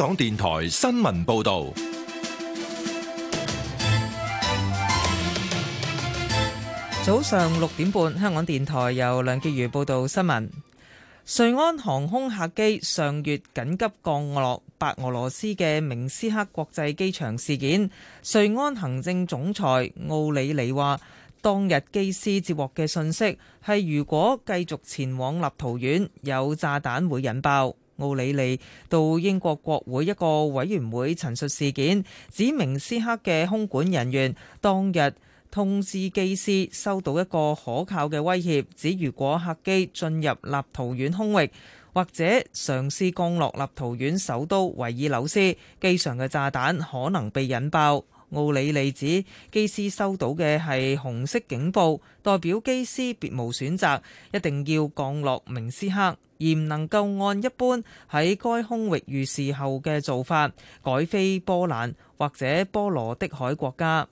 港電台新聞報道，早上六點半，香港電台由梁潔如報道新聞。瑞安航空客機上月緊急降落白俄羅斯嘅明斯克國際機場事件，瑞安行政總裁奧里里話：當日機師接獲嘅信息係，如果繼續前往立陶宛，有炸彈會引爆。奧里利，利到英國國會一個委員會陳述事件，指明斯克嘅空管人員當日通知機師收到一個可靠嘅威脅，指如果客機進入立陶宛空域或者嘗試降落立陶宛首都維爾紐斯，機上嘅炸彈可能被引爆。奧里利指,機師收到嘅係紅色警報,代表機師別無選擇,一定要降落明斯克,而唔能夠按一般喺該空域遇事後嘅做法,改飛波蘭或者波羅的海國家。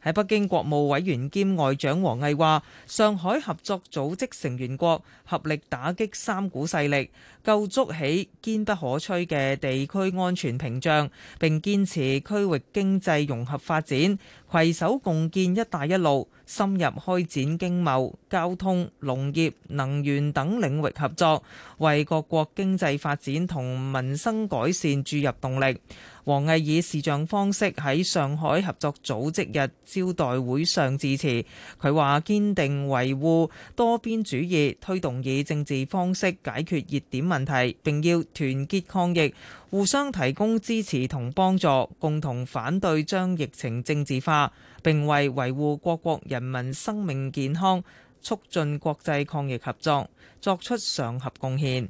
喺北京國務委員兼外長王毅話,上海合作組織成員國,合力打擊三股勢力。構築起堅不可摧嘅地區安全屏障，並堅持區域經濟融合發展，攜手共建「一帶一路」，深入開展經貿、交通、農業、能源等領域合作，為各國經濟發展同民生改善注入動力。王毅以視像方式喺上海合作組織日招待會上致辭，佢話：堅定維護多邊主義，推動以政治方式解決熱點問題，並要團結抗疫，互相提供支持同幫助，共同反對將疫情政治化，並為維護各國人民生命健康、促進國際抗疫合作作出上合貢獻。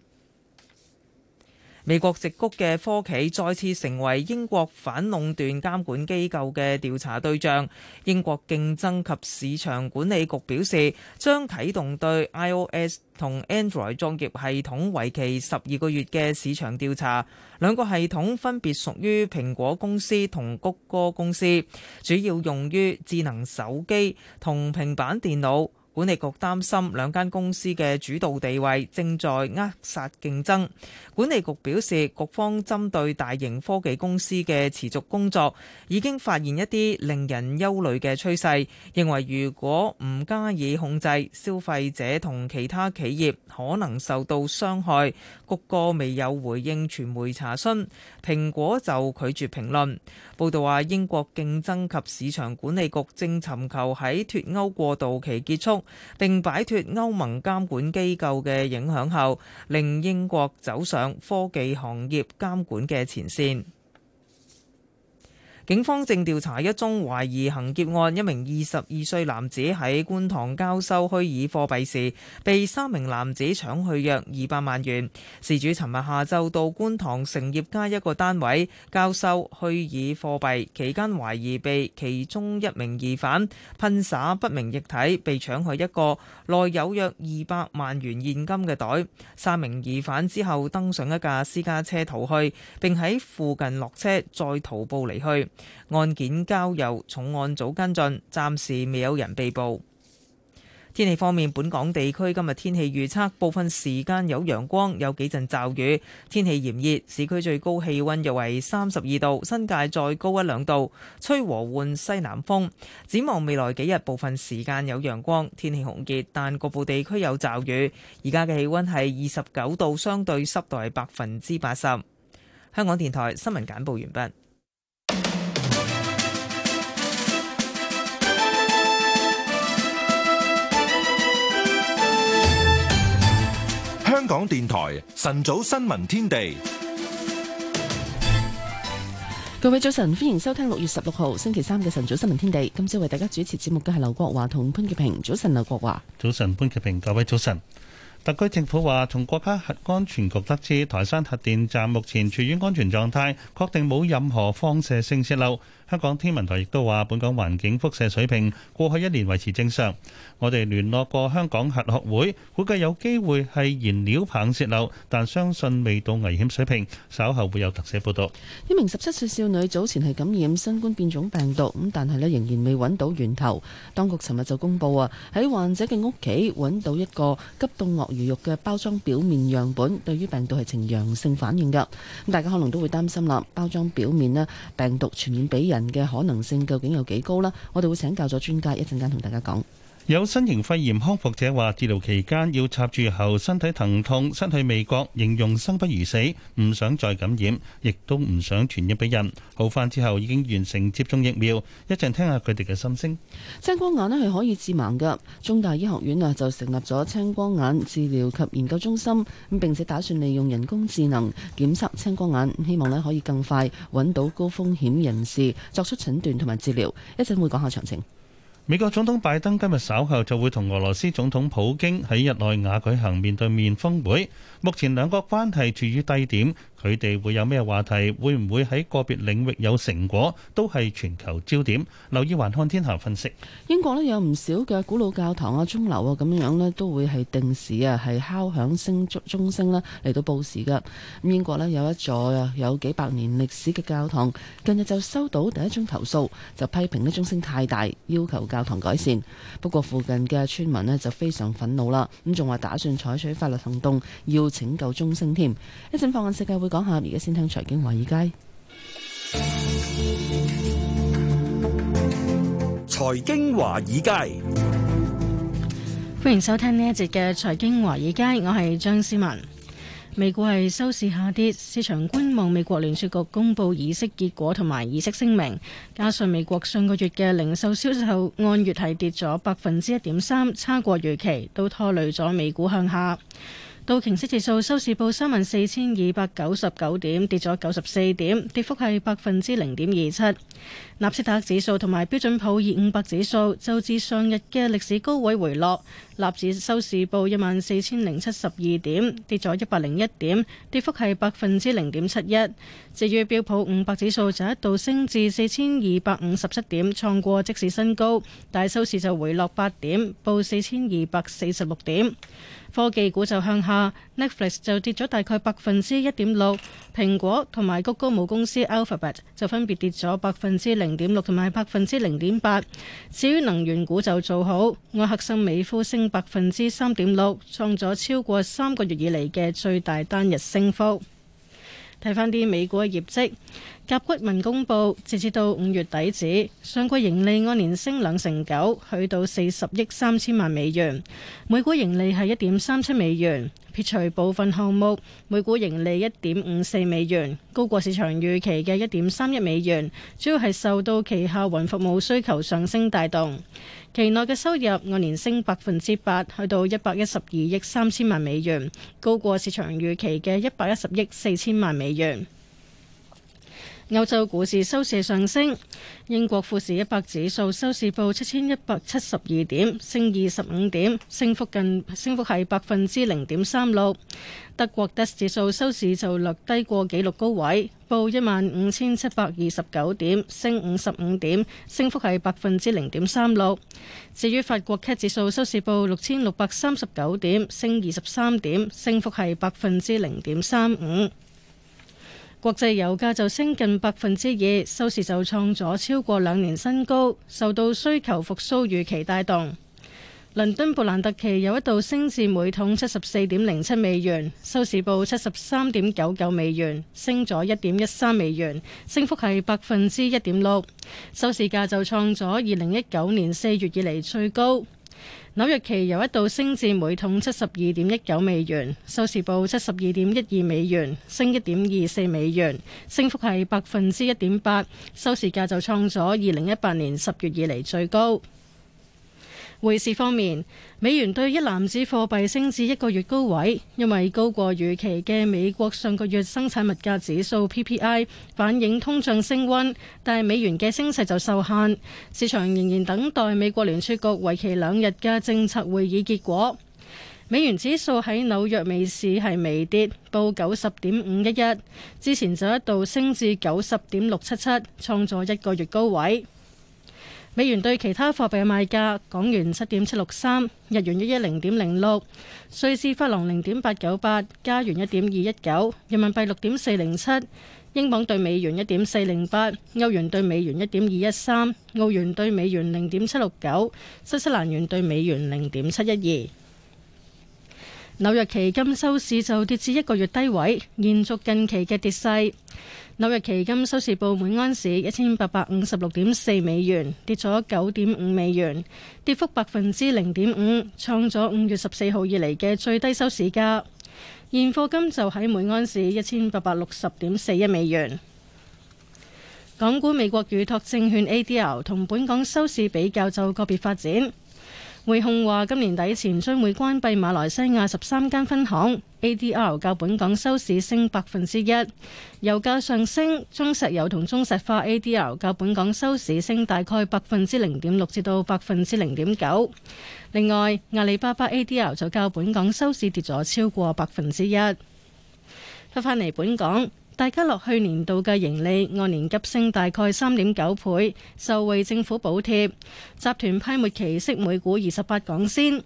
美國直谷嘅科企再次成為英國反壟斷監管機構嘅調查對象。英國競爭及市場管理局表示，將啟動對 iOS 同 Android 裝業系統為期十二個月嘅市場調查。兩個系統分別屬於蘋果公司同谷歌公司，主要用於智能手機同平板電腦。管理局擔心兩間公司嘅主導地位正在扼殺競爭。管理局表示，局方針對大型科技公司嘅持續工作已經發現一啲令人憂慮嘅趨勢，認為如果唔加以控制，消費者同其他企業可能受到傷害。谷歌未有回應傳媒查詢，蘋果就拒絕評論。報道話，英國競爭及市場管理局正尋求喺脫歐過渡期結束。並擺脫歐盟監管機構嘅影響後，令英國走上科技行業監管嘅前線。警方正調查一宗懷疑行劫案，一名二十二歲男子喺觀塘交收虛擬貨幣時，被三名男子搶去約二百萬元。事主尋日下晝到觀塘成業街一個單位交收虛擬貨幣期間，懷疑被其中一名疑犯噴灑不明液體，被搶去一個內有約二百萬元現金嘅袋。三名疑犯之後登上一架私家車逃去，並喺附近落車再徒步離去。案件交由重案組跟進，暫時未有人被捕。天氣方面，本港地區今日天氣預測部分時間有陽光，有幾陣驟雨，天氣炎熱，市區最高氣温約為三十二度，新界再高一兩度，吹和緩西南風。展望未來幾日，部分時間有陽光，天氣紅熱，但局部地區有驟雨。而家嘅氣温係二十九度，相對濕度係百分之八十。香港電台新聞簡報完畢。香港電台晨早新聞天地，各位早晨，歡迎收聽六月十六號星期三嘅晨早新聞天地。今朝為大家主持節目嘅係劉國華同潘潔平。早晨，劉國華。早晨，潘潔平。各位早晨。特區政府話，從國家核安全局得知，台山核電站目前處於安全狀態，確定冇任何放射性洩漏。香港天文台亦都話，本港環境輻射水平過去一年維持正常。我哋聯絡過香港核學會，估計有機會係燃料棒泄漏，但相信未到危險水平。稍後會有特寫報道。一名十七歲少女早前係感染新冠變種病毒，咁但係咧仍然未揾到源頭。當局尋日就公佈啊，喺患者嘅屋企揾到一個急凍鱷魚肉嘅包裝表面樣本，對於病毒係呈陽性反應㗎。咁大家可能都會擔心啦，包裝表面咧病毒傳染俾人人嘅可能性究竟有幾高啦？我哋會請教咗專家，一陣間同大家講。有新型肺炎康復者話：治療期間要插住喉，身體疼痛、失去味覺，形容生不如死，唔想再感染，亦都唔想傳染俾人。好返之後已經完成接種疫苗，一陣聽下佢哋嘅心聲。青光眼咧係可以致盲嘅，中大醫學院啊就成立咗青光眼治療及研究中心，咁並且打算利用人工智能檢測青光眼，希望咧可以更快揾到高風險人士，作出診斷同埋治療。一陣會講下詳情。美國總統拜登今日稍後就會同俄羅斯總統普京喺日內瓦舉行面對面峰會，目前兩國關係處於低點。佢哋會有咩話題？會唔會喺個別領域有成果？都係全球焦點。留意環看天下分析。英國咧有唔少嘅古老教堂啊、鐘樓啊咁樣樣咧，都會係定時啊係敲響聲鐘鐘聲啦嚟到報時㗎。英國咧有一座啊有幾百年歷史嘅教堂，近日就收到第一宗投訴，就批評咧鐘聲太大，要求教堂改善。不過附近嘅村民呢，就非常憤怒啦，咁仲話打算採取法律行動，要拯救鐘聲添。一陣放眼世界會。講下而家先聽財經華爾街。財經華爾街，歡迎收聽呢一節嘅財經華爾街。我係張思文。美股係收市下跌，市場觀望美國聯儲局公布議息結果同埋議息聲明，加上美國上個月嘅零售銷售按月係跌咗百分之一點三，差過預期，都拖累咗美股向下。道瓊斯指數收市報三萬四千二百九十九點，跌咗九十四點，跌幅係百分之零點二七。納斯達克指數同埋標準普爾五百指數就自上日嘅歷史高位回落，納指收市報一萬四千零七十二點，跌咗一百零一點，跌幅係百分之零點七一。至於標普五百指數就一度升至四千二百五十七點，創過即市新高，但收市就回落八點，報四千二百四十六點。科技股就向下，Netflix 就跌咗大概百分之一點六，蘋果同埋谷歌母公司 Alphabet 就分別跌咗百分之零點六同埋百分之零點八。至於能源股就做好，愛克森美孚升百分之三點六，創咗超過三個月以嚟嘅最大單日升幅。睇翻啲美股嘅業績，甲骨文公布截至到五月底止，上季盈利按年升兩成九，去到四十億三千萬美元，每股盈利係一點三七美元，撇除部分項目，每股盈利一點五四美元，高過市場預期嘅一點三一美元，主要係受到旗下雲服務需求上升帶動。期內嘅收入按年升百分之八，去到一百一十二億三千萬美元，高過市場預期嘅一百一十億四千萬美元。歐洲股市收市上升，英國富時一百指數收市報七千一百七十二點，升二十五點，升幅近升幅係百分之零點三六。德國德指數收市就略低過紀錄高位，報一萬五千七百二十九點，升五十五點，升幅係百分之零點三六。至於法國 CAC 指數收市報六千六百三十九點，升二十三點，升幅係百分之零點三五。國際油價就升近百分之二，收市就創咗超過兩年新高，受到需求復甦預期帶動。倫敦布蘭特期油一度升至每桶七十四點零七美元，收市報七十三點九九美元，升咗一點一三美元，升幅係百分之一點六，收市價就創咗二零一九年四月以嚟最高。紐約期油一度升至每桶七十二點一九美元，收市報七十二點一二美元，升一點二四美元，升幅係百分之一點八，收市價就創咗二零一八年十月以嚟最高。匯市方面，美元對一籃子貨幣升至一個月高位，因為高過預期嘅美國上個月生產物價指數 PPI 反映通脹升溫，但係美元嘅升勢就受限。市場仍然等待美國聯儲局為期兩日嘅政策會議結果。美元指數喺紐約美市係微跌，報九十點五一一，之前就一度升至九十點六七七，創咗一個月高位。美元對其他貨幣賣價：港元七點七六三，日元一一零點零六，瑞士法郎零點八九八，加元一點二一九，人民幣六點四零七，英鎊對美元一點四零八，歐元對美元一點二一三，澳元對美元零點七六九，新西蘭元對美元零點七一二。紐約期金收市就跌至一個月低位，延續近期嘅跌勢。紐約期金收市報每盎司一千八百五十六點四美元，跌咗九點五美元，跌幅百分之零點五，創咗五月十四號以嚟嘅最低收市價。現貨金就喺每盎司一千八百六十點四一美元。港股美國預託證券 ADL 同本港收市比較就個別發展。匯控話今年底前將會關閉馬來西亞十三間分行 ADR 較本港收市升百分之一。油價上升，中石油同中石化 ADR 較本港收市升大概百分之零點六至到百分之零點九。另外，阿里巴巴 ADR 就較本港收市跌咗超過百分之一。翻嚟本港。大家樂去年度嘅盈利按年急升，大概三點九倍，受惠政府補貼。集團批末期息每股二十八港仙。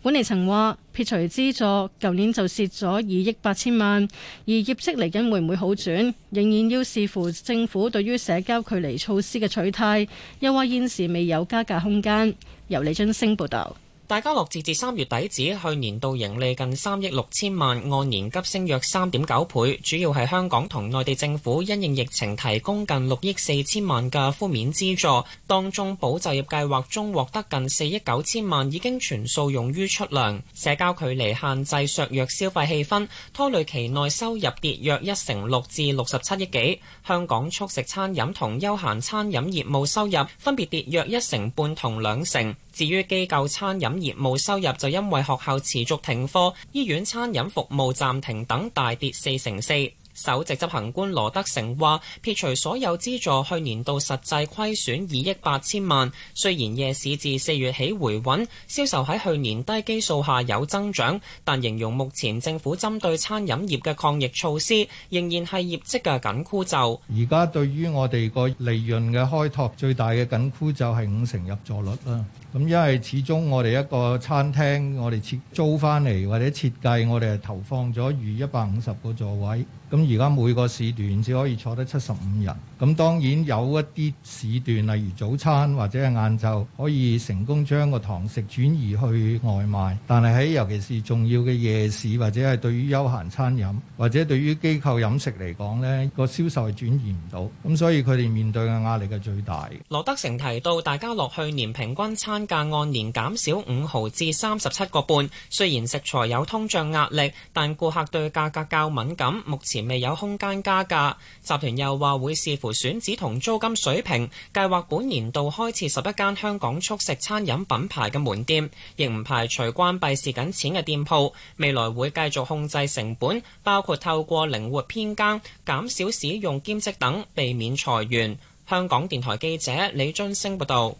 管理層話撇除資助，舊年就蝕咗二億八千萬。而業績嚟緊會唔會好轉，仍然要視乎政府對於社交距離措施嘅取態。又話現時未有加價空間。由李津升報道。大家樂截至三月底止，去年度盈利近三億六千萬，按年急升約三點九倍，主要係香港同內地政府因應疫情提供近六億四千萬嘅負面資助，當中保就業計劃中獲得近四億九千萬，已經全數用於出糧。社交距離限制削弱消費氣氛，拖累期內收入跌，跌約一成六至六十七億幾。香港速食餐飲同休閒餐飲業務收入分別跌約一成半同兩成。至於機構餐飲業務收入就因為學校持續停課、醫院餐飲服務暫停等，大跌四成四。首席執行官羅德成話：撇除所有資助，去年度實際虧損二億八千萬。雖然夜市至四月起回穩，銷售喺去年低基數下有增長，但形容目前政府針對餐飲業嘅抗疫措施仍然係業績嘅緊箍咒。而家對於我哋個利潤嘅開拓，最大嘅緊箍咒係五成入座率啦。咁因為始終我哋一個餐廳，我哋設租翻嚟或者設計，我哋係投放咗逾一百五十個座位。咁而家每個時段只可以坐得七十五人。咁當然有一啲時段，例如早餐或者係晏晝可以成功將個堂食轉移去外賣，但係喺尤其是重要嘅夜市或者係對於休閒餐飲或者對於機構飲食嚟講咧，個銷售係轉移唔到。咁所以佢哋面對嘅壓力係最大。羅德成提到，大家樂去年平均餐價按年減少五毫至三十七個半。雖然食材有通脹壓力，但顧客對價格較敏感，目前未有空間加價。集團又話會視乎選址同租金水平，計劃本年度開設十一間香港速食餐飲品牌嘅門店，亦唔排除關閉蝕緊錢嘅店鋪。未來會繼續控制成本，包括透過靈活編更減少使用兼職等，避免裁員。香港電台記者李津升報道。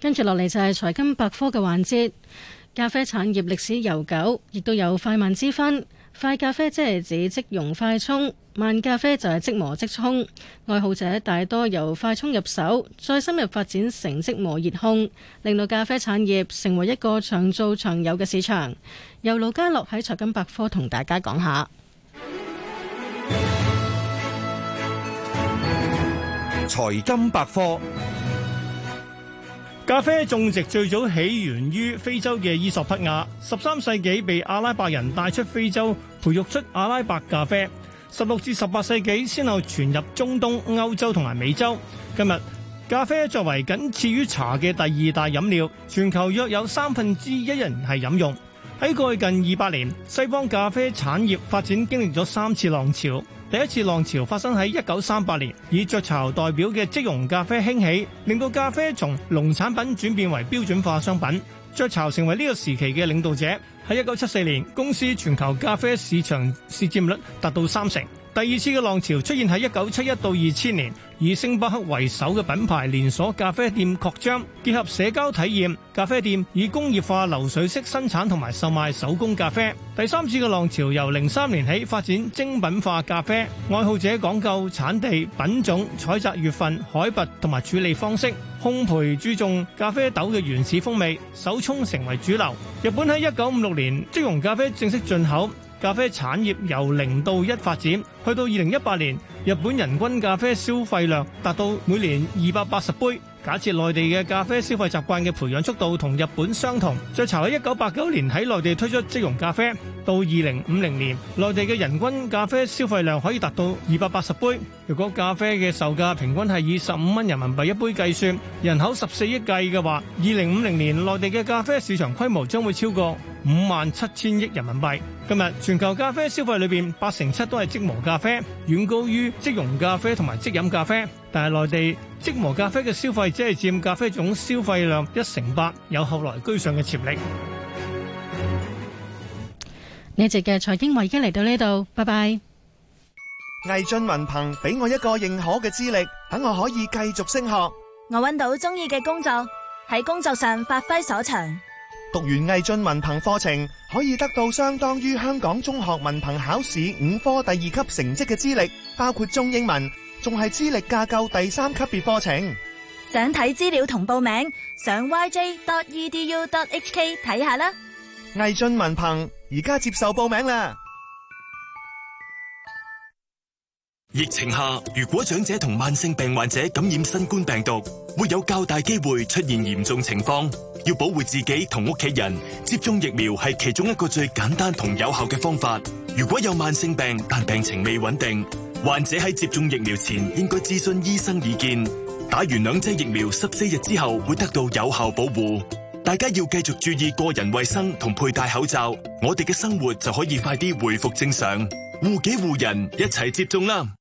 跟住落嚟就係財金百科嘅環節。咖啡產業歷史悠久，亦都有快慢之分。快咖啡即係指即溶快沖，慢咖啡就係即磨即沖。愛好者大多由快沖入手，再深入發展成即磨熱烘，令到咖啡產業成為一個長做長有嘅市場。由盧家樂喺財金百科同大家講下。財金百科。咖啡種植最早起源於非洲嘅伊索匹亞，十三世紀被阿拉伯人帶出非洲，培育出阿拉伯咖啡。十六至十八世紀先後傳入中東、歐洲同埋美洲。今日咖啡作為僅次於茶嘅第二大飲料，全球約有三分之一人係飲用。喺過去近二百年，西方咖啡產業發展經歷咗三次浪潮。第一次浪潮發生喺一九三八年，以雀巢代表嘅即溶咖啡興起，令到咖啡從農產品轉變為標準化商品。雀巢成為呢個時期嘅領導者。喺一九七四年，公司全球咖啡市場市佔率達到三成。第二次嘅浪潮出現喺一九七一到二千年，以星巴克為首嘅品牌連鎖咖啡店擴張，結合社交體驗。咖啡店以工業化流水式生產同埋售賣手工咖啡。第三次嘅浪潮由零三年起發展精品化咖啡，愛好者講究產地、品種、採摘月份、海拔同埋處理方式，烘焙注重咖啡豆嘅原始風味，手沖成為主流。日本喺一九五六年，即溶咖啡正式進口。咖啡產業由零到一發展，去到二零一八年，日本人均咖啡消費量達到每年二百八十杯。假設內地嘅咖啡消費習慣嘅培養速度同日本相同，雀巢喺一九八九年喺內地推出即溶咖啡，到二零五零年內地嘅人均咖啡消費量可以達到二百八十杯。如果咖啡嘅售價平均係以十五蚊人民幣一杯計算，人口十四億計嘅話，二零五零年內地嘅咖啡市場規模將會超過五萬七千億人民幣。今日全球咖啡消費裏邊八成七都係即磨咖啡，遠高於即溶咖啡同埋即飲咖啡。但係內地即磨咖啡嘅消費只係佔咖啡總消費量一成八，有後來居上嘅潛力。呢一節嘅財經話已經嚟到呢度，拜拜。毅進文憑俾我一個認可嘅資歷，等我可以繼續升學。我揾到中意嘅工作，喺工作上發揮所長。讀完毅進文憑課程，可以得到相當於香港中學文憑考試五科第二級成績嘅資歷，包括中英文。仲係資歷架構第三級別課程，想睇資料同報名，上 yj.edu.hk 睇下啦。魏俊文憑而家接受報名啦。疫情下，如果長者同慢性病患者感染新冠病毒，會有較大機會出現嚴重情況。要保護自己同屋企人，接種疫苗係其中一個最簡單同有效嘅方法。如果有慢性病，但病情未穩定。患者喺接種疫苗前應該諮詢醫生意見，打完兩劑疫苗十四日之後會得到有效保護。大家要繼續注意個人衛生同佩戴口罩，我哋嘅生活就可以快啲回復正常。護己護人，一齊接種啦！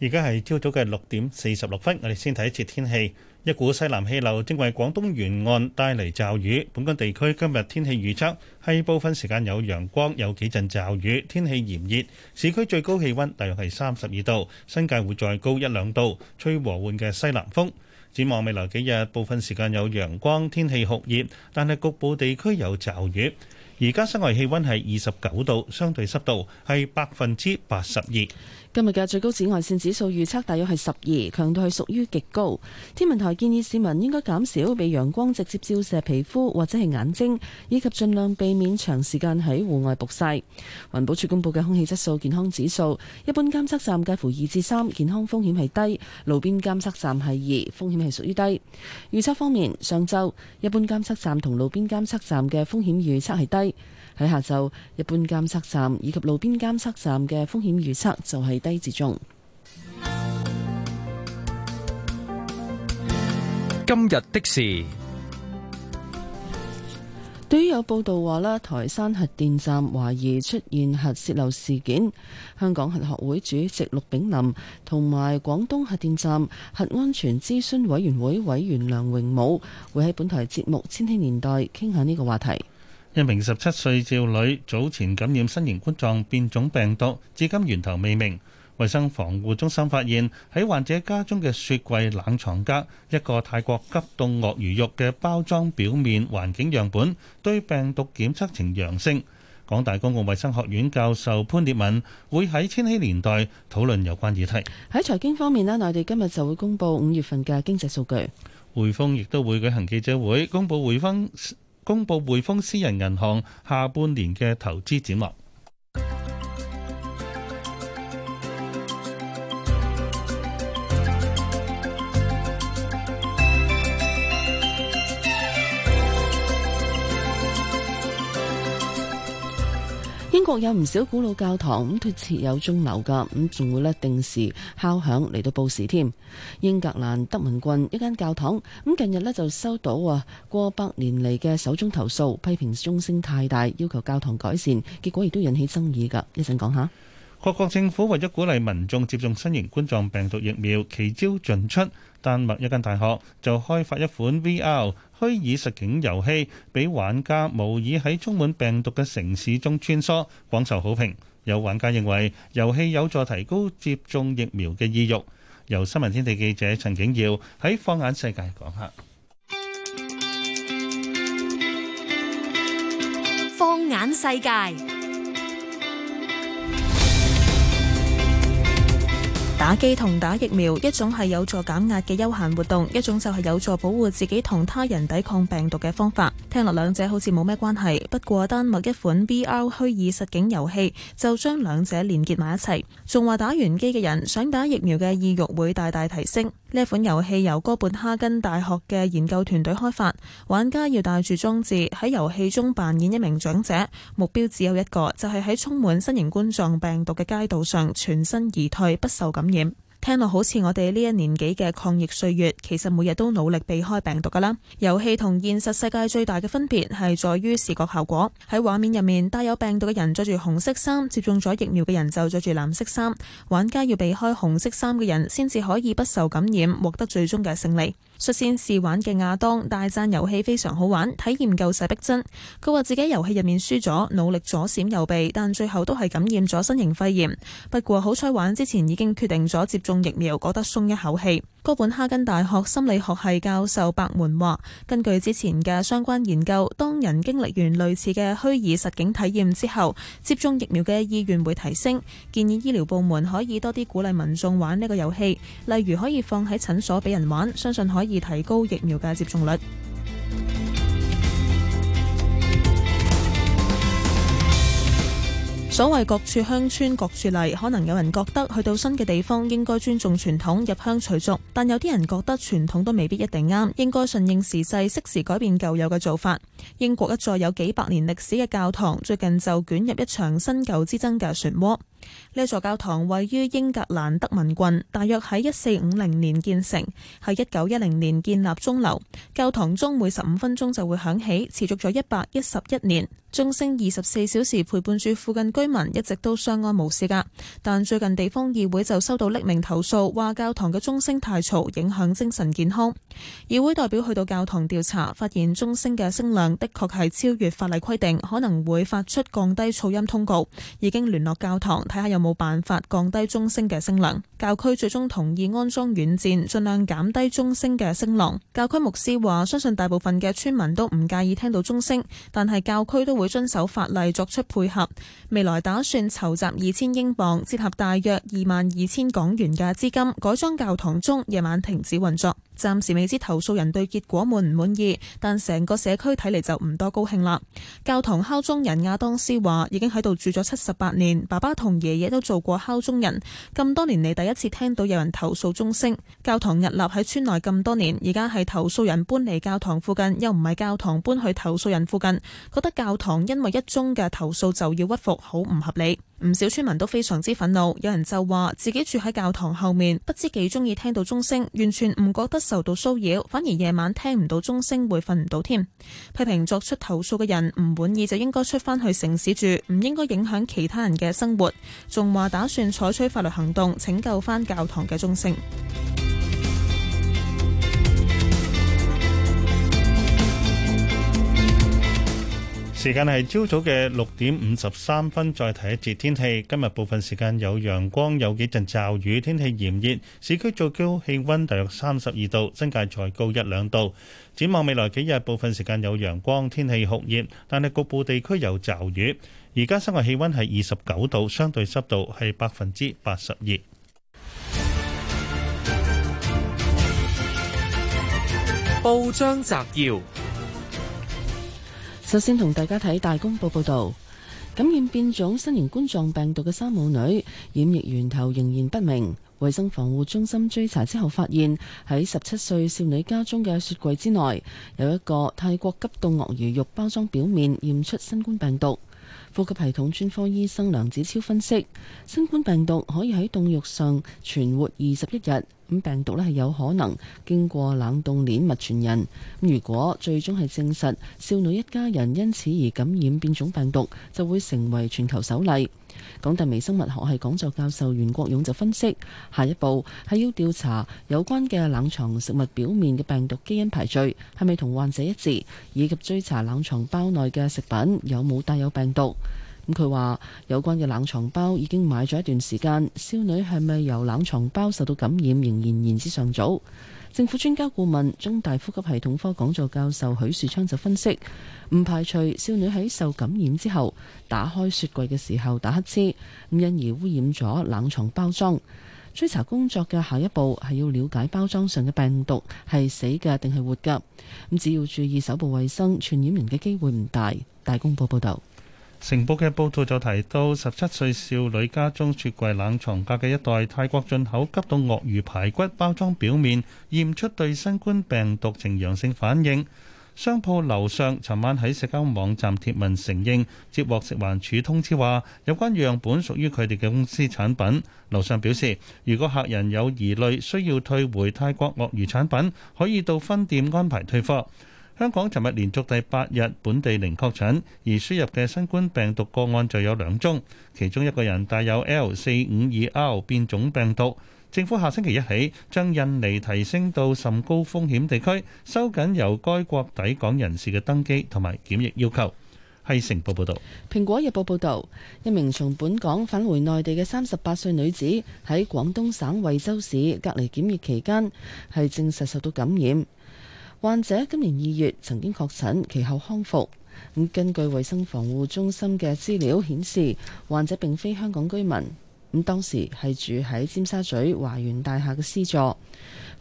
而家係朝早嘅六點四十六分，我哋先睇一次天氣。一股西南氣流正為廣東沿岸帶嚟驟雨，本港地區今日天氣預測係部分時間有陽光，有幾陣驟雨，天氣炎熱，市區最高氣温大約係三十二度，新界會再高一兩度，吹和緩嘅西南風。展望未來幾日，部分時間有陽光，天氣酷熱，但係局部地區有驟雨。而家室外氣温係二十九度，相對濕度係百分之八十二。今日嘅最高紫外線指數預測大約係十二，強度係屬於極高。天文台建議市民應該減少被陽光直接照射皮膚或者係眼睛，以及盡量避免長時間喺戶外曝曬。環保署公布嘅空氣質素健康指數，一般監測站介乎二至三，健康風險係低；路邊監測站係二，風險係屬於低。預測方面，上週一般監測站同路邊監測站嘅風險預測係低。喺下晝，一般監測站以及路邊監測站嘅風險預測就係低至中。今日的事，對於有報道話啦，台山核電站懷疑出現核泄漏事件，香港核學會主席陸炳林同埋廣東核電站核安全諮詢委員會委員梁榮武會喺本台節目《千禧年代》傾下呢個話題。一名十七歲少女早前感染新型冠狀變種病毒，至今源頭未明。衛生防護中心發現喺患者家中嘅雪櫃冷藏格一個泰國急凍鱷魚肉嘅包裝表面環境樣本，對病毒檢測呈陽性。港大公共衛生學院教授潘烈文會喺千禧年代討論有關議題。喺財經方面咧，內地今日就會公布五月份嘅經濟數據。匯豐亦都會舉行記者會，公布匯豐。公布匯豐私人銀行下半年嘅投資展望。英國有唔少古老教堂咁都設有鐘樓噶，咁仲會咧定時敲響嚟到報時添。英格蘭德文郡一間教堂咁近日咧就收到啊過百年嚟嘅首宗投訴，批評鐘聲太大，要求教堂改善，結果亦都引起爭議噶。一陣講下。各國政府為咗鼓勵民眾接種新型冠狀病毒疫苗，奇招盡出。丹麥一間大學就開發一款 VR 虛擬實景遊戲，俾玩家模擬喺充滿病毒嘅城市中穿梭，廣受好評。有玩家認為遊戲有助提高接種疫苗嘅意欲。由新聞天地記者陳景耀喺《放眼世界》講下。放眼世界。打機同打疫苗，一種係有助減壓嘅休閒活動，一種就係有助保護自己同他人抵抗病毒嘅方法。聽落兩者好似冇咩關係，不過丹麥一款 VR 虛擬實境遊戲就將兩者連結埋一齊，仲話打完機嘅人想打疫苗嘅意欲會大大提升。呢款遊戲由哥本哈根大學嘅研究團隊開發，玩家要帶住裝置喺遊戲中扮演一名長者，目標只有一個，就係喺充滿新型冠狀病毒嘅街道上全身而退，不受感染。聽落好似我哋呢一年幾嘅抗疫歲月，其實每日都努力避開病毒㗎啦。遊戲同現實世界最大嘅分別係在於視覺效果，喺畫面入面帶有病毒嘅人着住紅色衫，接種咗疫苗嘅人就着住藍色衫。玩家要避開紅色衫嘅人，先至可以不受感染，獲得最終嘅勝利。率先試玩嘅亞當大讚遊戲非常好玩，體驗夠細逼真。佢話自己遊戲入面輸咗，努力左閃右避，但最後都係感染咗新型肺炎。不過好彩玩之前已經決定咗接種疫苗，覺得鬆一口氣。哥本哈根大學心理學系教授白門話，根據之前嘅相關研究，當人經歷完類似嘅虛擬實境體驗之後，接種疫苗嘅意願會提升。建議醫療部門可以多啲鼓勵民眾玩呢個遊戲，例如可以放喺診所俾人玩，相信可以提高疫苗嘅接種率。所謂各處鄉村各處例，可能有人覺得去到新嘅地方應該尊重傳統，入鄉隨俗，但有啲人覺得傳統都未必一定啱，應該順應時勢，適時改變舊有嘅做法。英國一座有幾百年歷史嘅教堂，最近就捲入一場新舊之爭嘅漩渦。呢座教堂位於英格蘭德文郡，大約喺一四五零年建成，喺一九一零年建立鐘樓。教堂鐘每十五分鐘就會響起，持續咗一百一十一年。鐘聲二十四小時陪伴住附近居民，一直都相安無事噶。但最近地方議會就收到匿名投訴，話教堂嘅鐘聲太嘈，影響精神健康。議會代表去到教堂調查，發現鐘聲嘅聲量的確係超越法例規定，可能會發出降低噪音通告。已經聯絡教堂，睇下有冇辦法降低鐘聲嘅聲量，教區最終同意安裝軟墊，盡量減低鐘聲嘅聲浪。教區牧師話：相信大部分嘅村民都唔介意聽到鐘聲，但係教區都會遵守法例作出配合。未來打算籌集二千英鎊，折合大約二萬二千港元嘅資金，改裝教堂鐘，夜晚停止運作。暫時未知投訴人對結果滿唔滿意，但成個社區睇嚟就唔多高興啦。教堂敲鐘人亞當斯話，已經喺度住咗七十八年，爸爸同爺爺都做過敲鐘人，咁多年嚟第一次聽到有人投訴鐘聲。教堂屹立喺村內咁多年，而家係投訴人搬嚟教堂附近，又唔係教堂搬去投訴人附近，覺得教堂因為一宗嘅投訴就要屈服，好唔合理。唔少村民都非常之憤怒，有人就話自己住喺教堂後面，不知幾鍾意聽到鐘聲，完全唔覺得受到騷擾，反而夜晚聽唔到鐘聲會瞓唔到添。批評作出投訴嘅人唔滿意就應該出返去城市住，唔應該影響其他人嘅生活，仲話打算採取法律行動拯救返教堂嘅鐘聲。時間係朝早嘅六點五十三分，再睇一節天氣。今日部分時間有陽光，有幾陣驟雨，天氣炎熱。市區最高氣溫大約三十二度，新界再高一兩度。展望未來幾日，部分時間有陽光，天氣酷熱，但係局部地區有驟雨。而家室外氣溫係二十九度，相對濕度係百分之八十二。報章摘要。首先同大家睇大公報報道，感染變種新型冠狀病毒嘅三母女，染疫源頭仍然不明。衛生防護中心追查之後發現，喺十七歲少女家中嘅雪櫃之內，有一個泰國急凍鱷魚肉包裝表面驗出新冠病毒。呼吸系統專科醫生梁子超分析，新冠病毒可以喺凍肉上存活二十一日。病毒呢，係有可能經過冷凍鏈物傳人。如果最終係證實少女一家人因此而感染變種病毒，就會成為全球首例。港大微生物學系講座教授袁國勇就分析，下一步係要調查有關嘅冷藏食物表面嘅病毒基因排序，係咪同患者一致，以及追查冷藏包內嘅食品有冇帶有有病毒。咁佢話：有關嘅冷藏包已經買咗一段時間，少女係咪由冷藏包受到感染，仍然言之尚早。政府專家顧問、中大呼吸系統科講座教授許樹昌就分析，唔排除少女喺受感染之後，打開雪櫃嘅時候打乞嗤，咁因而污染咗冷藏包裝。追查工作嘅下一步係要了解包裝上嘅病毒係死嘅定係活㗎。咁只要注意手部衛生，傳染人嘅機會唔大。大公報報道。成報嘅報道就提到，十七歲少女家中雪櫃冷藏格嘅一袋泰國進口急凍鱷魚排骨，包裝表面驗出對新冠病毒呈陽性反應。商鋪樓上尋晚喺社交網站貼文承認接獲食環署通知，話有關樣本屬於佢哋嘅公司產品。樓上表示，如果客人有疑慮需要退回泰國鱷魚產品，可以到分店安排退貨。香港尋日連續第八日本地零確診，而輸入嘅新冠病毒個案就有兩宗，其中一個人帶有 L452R 變種病毒。政府下星期一起將印尼提升到甚高風險地區，收緊由該國抵港人士嘅登機同埋檢疫要求。係成報報導。蘋果日報報道：一名從本港返回內地嘅三十八歲女子喺廣東省惠州市隔離檢疫期間係證實受到感染。患者今年二月曾經確診，其後康復。咁根據衛生防護中心嘅資料顯示，患者並非香港居民。咁當時係住喺尖沙咀華園大廈嘅私座。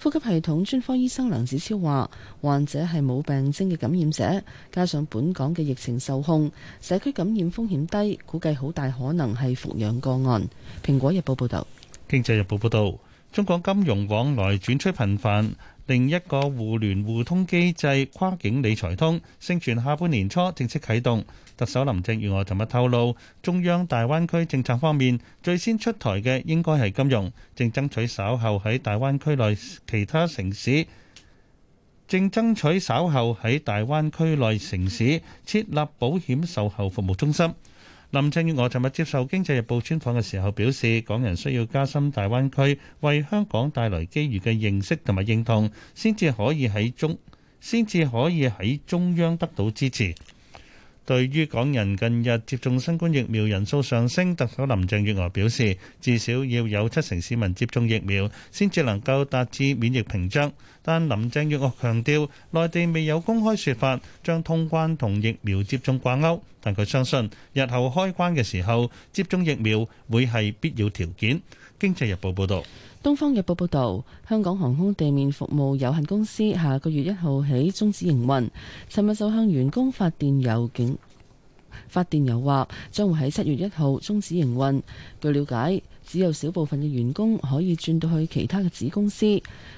呼吸系統專科醫生梁子超話：患者係冇病徵嘅感染者，加上本港嘅疫情受控，社區感染風險低，估計好大可能係復陽個案。蘋果日報報導，經濟日報報導，中國金融往來轉趨頻繁。另一個互聯互通機制跨境理財通，聲傳下半年初正式啟動。特首林鄭月娥尋日透露，中央大灣區政策方面，最先出台嘅應該係金融，正爭取稍後喺大灣區內其他城市，正爭取稍後喺大灣區內城市設立保險售後服務中心。林鄭月娥尋日接受《經濟日報》專訪嘅時候表示，港人需要加深大灣區為香港帶來機遇嘅認識同埋認同，先至可以喺中，先至可以喺中央得到支持。對於港人近日接種新冠疫苗人數上升，特首林鄭月娥表示，至少要有七成市民接種疫苗，先至能夠達至免疫屏障。但林鄭月娥強調，內地未有公開說法將通關同疫苗接種掛鈎，但佢相信，日後開關嘅時候，接種疫苗會係必要條件。經濟日報報導。《東方日報》報導，香港航空地面服務有限公司下個月一號起終止營運。尋日就向員工發電郵警發電郵，話將會喺七月一號終止營運。據了解，只有少部分嘅員工可以轉到去其他嘅子公司。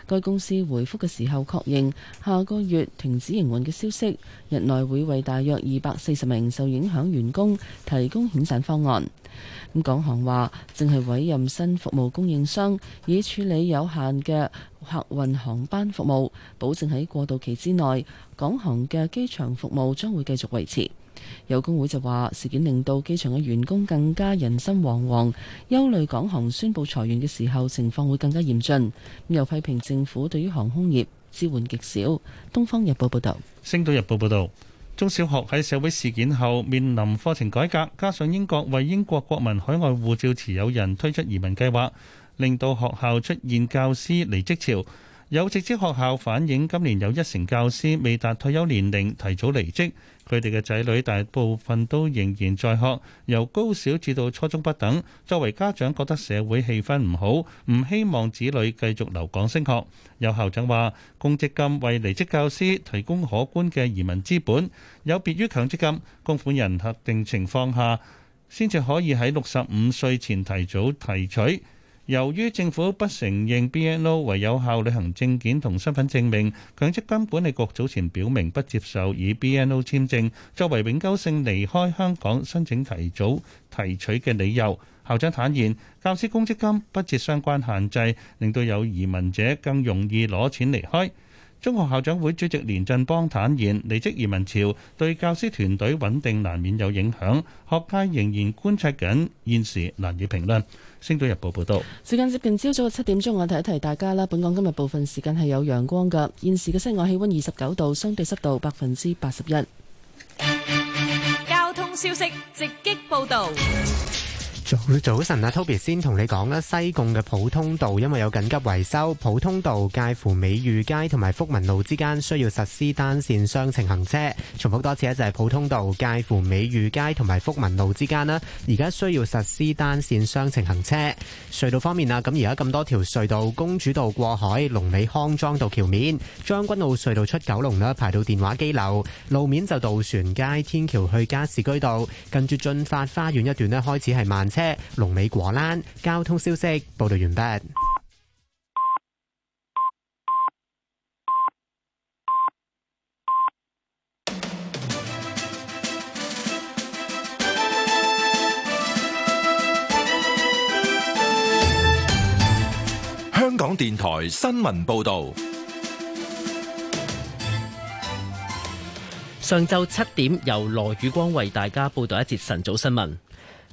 該公司回覆嘅時候確認，下個月停止營運嘅消息，日內會為大約二百四十名受影響員工提供遣散方案。咁港航話，正係委任新服務供應商，以處理有限嘅客運航班服務，保證喺過渡期之內，港航嘅機場服務將會繼續維持。有工會就話，事件令到機場嘅員工更加人心惶惶，憂慮港航宣布裁員嘅時候，情況會更加嚴峻。咁又批評政府對於航空業支援極少。《東方日報》報道，《星島日報》報道。中小學喺社會事件後面臨課程改革，加上英國為英國國民海外護照持有人推出移民計劃，令到學校出現教師離職潮。有直資學校反映，今年有一成教師未達退休年齡提早離職，佢哋嘅仔女大部分都仍然在學，由高小至到初中不等。作為家長，覺得社會氣氛唔好，唔希望子女繼續留港升學。有校長話，公積金為離職教師提供可觀嘅移民資本，有別於強積金，供款人特定情況下先至可以喺六十五歲前提早提取。由於政府不承認 BNO 為有效旅行證件同身份證明，強積金管理局早前表明不接受以 BNO 簽證作為永久性離開香港申請提早提取嘅理由。校長坦言，教師公積金不設相關限制，令到有移民者更容易攞錢離開。中學校長會主席連振邦坦言，離職移民潮對教師團隊穩定難免有影響，學界仍然觀察緊，現時難以評論。星島日報報道，時間接近朝早七點鐘，我提一提大家啦。本港今日部分時間係有陽光噶，現時嘅室外氣溫二十九度，相對濕度百分之八十一。交通消息直擊報道。早早晨啊，Toby 先同你講啦，西貢嘅普通道因為有緊急維修，普通道介乎美裕街同埋福民路之間需要實施單線雙程行車。重複多次咧，就係普通道介乎美裕街同埋福民路之間啦，而家需要實施單線雙程行車。隧道方面啊，咁而家咁多條隧道，公主道過海、龍尾康莊道橋面、將軍澳隧道出九龍啦，排到電話機樓路面，就渡船街天橋去加士居道，近住駿發花園一段咧開始係慢。車龍尾果欄，交通消息報道完畢。香港電台新聞報道。上晝七點，由羅宇光為大家報道一節晨早新聞。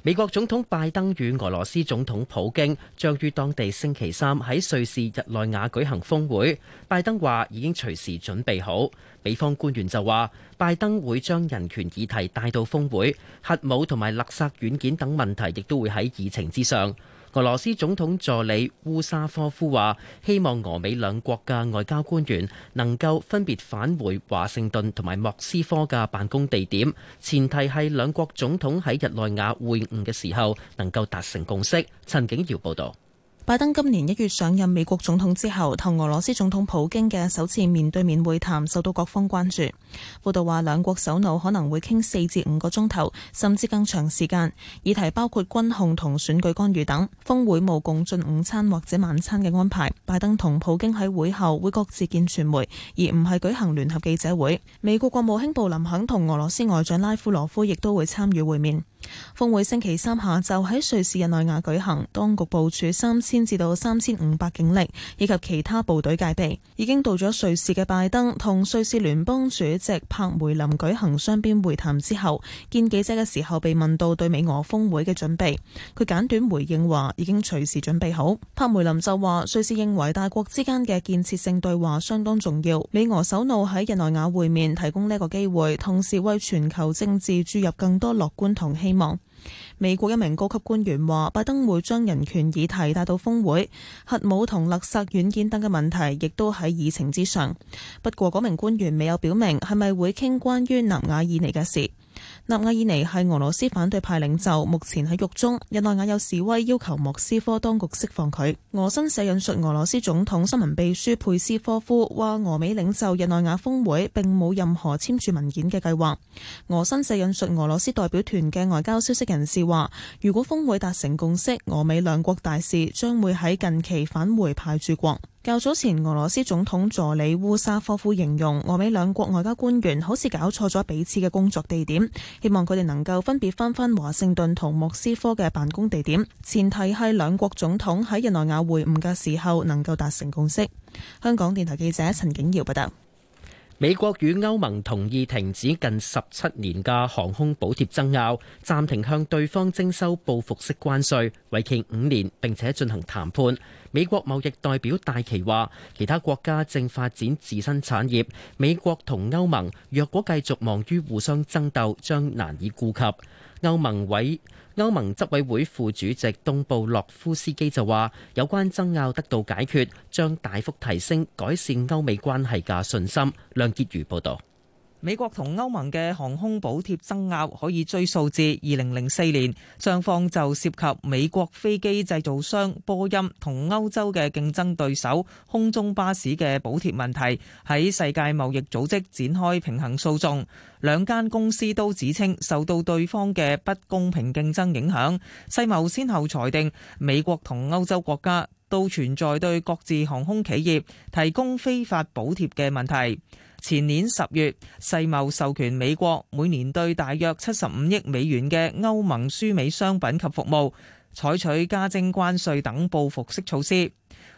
美國總統拜登與俄羅斯總統普京將於當地星期三喺瑞士日內瓦舉行峰會。拜登話已經隨時準備好。美方官員就話，拜登會將人權議題帶到峰會，核武同埋勒索軟件等問題亦都會喺議程之上。俄羅斯總統助理烏沙科夫話，希望俄美兩國嘅外交官員能夠分別返回華盛頓同埋莫斯科嘅辦公地點，前提係兩國總統喺日內瓦會晤嘅時候能夠達成共識。陳景堯報道。拜登今年一月上任美國總統之後同俄羅斯總統普京嘅首次面對面會談受到各方關注。報道話，兩國首腦可能會傾四至五個鐘頭，甚至更長時間。議題包括軍控同選舉干預等。峯會無共進午餐或者晚餐嘅安排。拜登同普京喺會後會各自見傳媒，而唔係舉行聯合記者會。美國國務卿布林肯同俄羅斯外長拉夫羅夫亦都會參與會面。峰會星期三下晝喺瑞士日內瓦舉行，當局部署三千至到三千五百警力以及其他部隊戒備。已經到咗瑞士嘅拜登同瑞士聯邦主席帕梅林舉行雙邊會談之後，見記者嘅時候被問到對美俄峰會嘅準備，佢簡短回應話已經隨時準備好。帕梅林就話瑞士認為大國之間嘅建設性對話相當重要，美俄首腦喺日內瓦會面提供呢個機會，同時為全球政治注入更多樂觀同希希望美國一名高級官員話，拜登會將人權議題帶到峰會，核武同勒索軟件等嘅問題亦都喺議程之上。不過嗰名官員未有表明係咪會傾關於南亞議題嘅事。納瓦爾尼係俄羅斯反對派領袖，目前喺獄中。日內瓦有示威要求莫斯科當局釋放佢。俄新社引述俄羅斯總統新聞秘書佩斯科夫話：俄美領袖日內瓦峰會並冇任何簽署文件嘅計劃。俄新社引述俄羅斯代表團嘅外交消息人士話：如果峰會達成共識，俄美兩國大使將會喺近期返回派駐國。較早前，俄羅斯總統助理烏沙科夫形容，俄美兩國外交官員好似搞錯咗彼此嘅工作地點，希望佢哋能夠分別翻返華盛頓同莫斯科嘅辦公地點，前提係兩國總統喺日內瓦會晤嘅時候能夠達成共識。香港電台記者陳景耀報道，美國與歐盟同意停止近十七年嘅航空補貼爭拗，暫停向對方徵收報復式關稅，為期五年，並且進行談判。美國貿易代表戴琪話：其他國家正發展自身產業，美國同歐盟若果繼續忙於互相爭鬥，將難以顧及。歐盟委歐盟執委會副主席東布洛夫斯基就話：有關爭拗得到解決，將大幅提升改善歐美關係嘅信心。梁潔如報導。美國同歐盟嘅航空補貼爭拗可以追溯至二零零四年，雙方就涉及美國飛機製造商波音同歐洲嘅競爭對手空中巴士嘅補貼問題，喺世界貿易組織展開平行訴訟。兩間公司都指稱受到對方嘅不公平競爭影響。世貿先後裁定，美國同歐洲國家都存在對各自航空企業提供非法補貼嘅問題。前年十月，世貿授權美國每年對大約七十五億美元嘅歐盟輸美商品及服務，採取加徵關稅等報復式措施。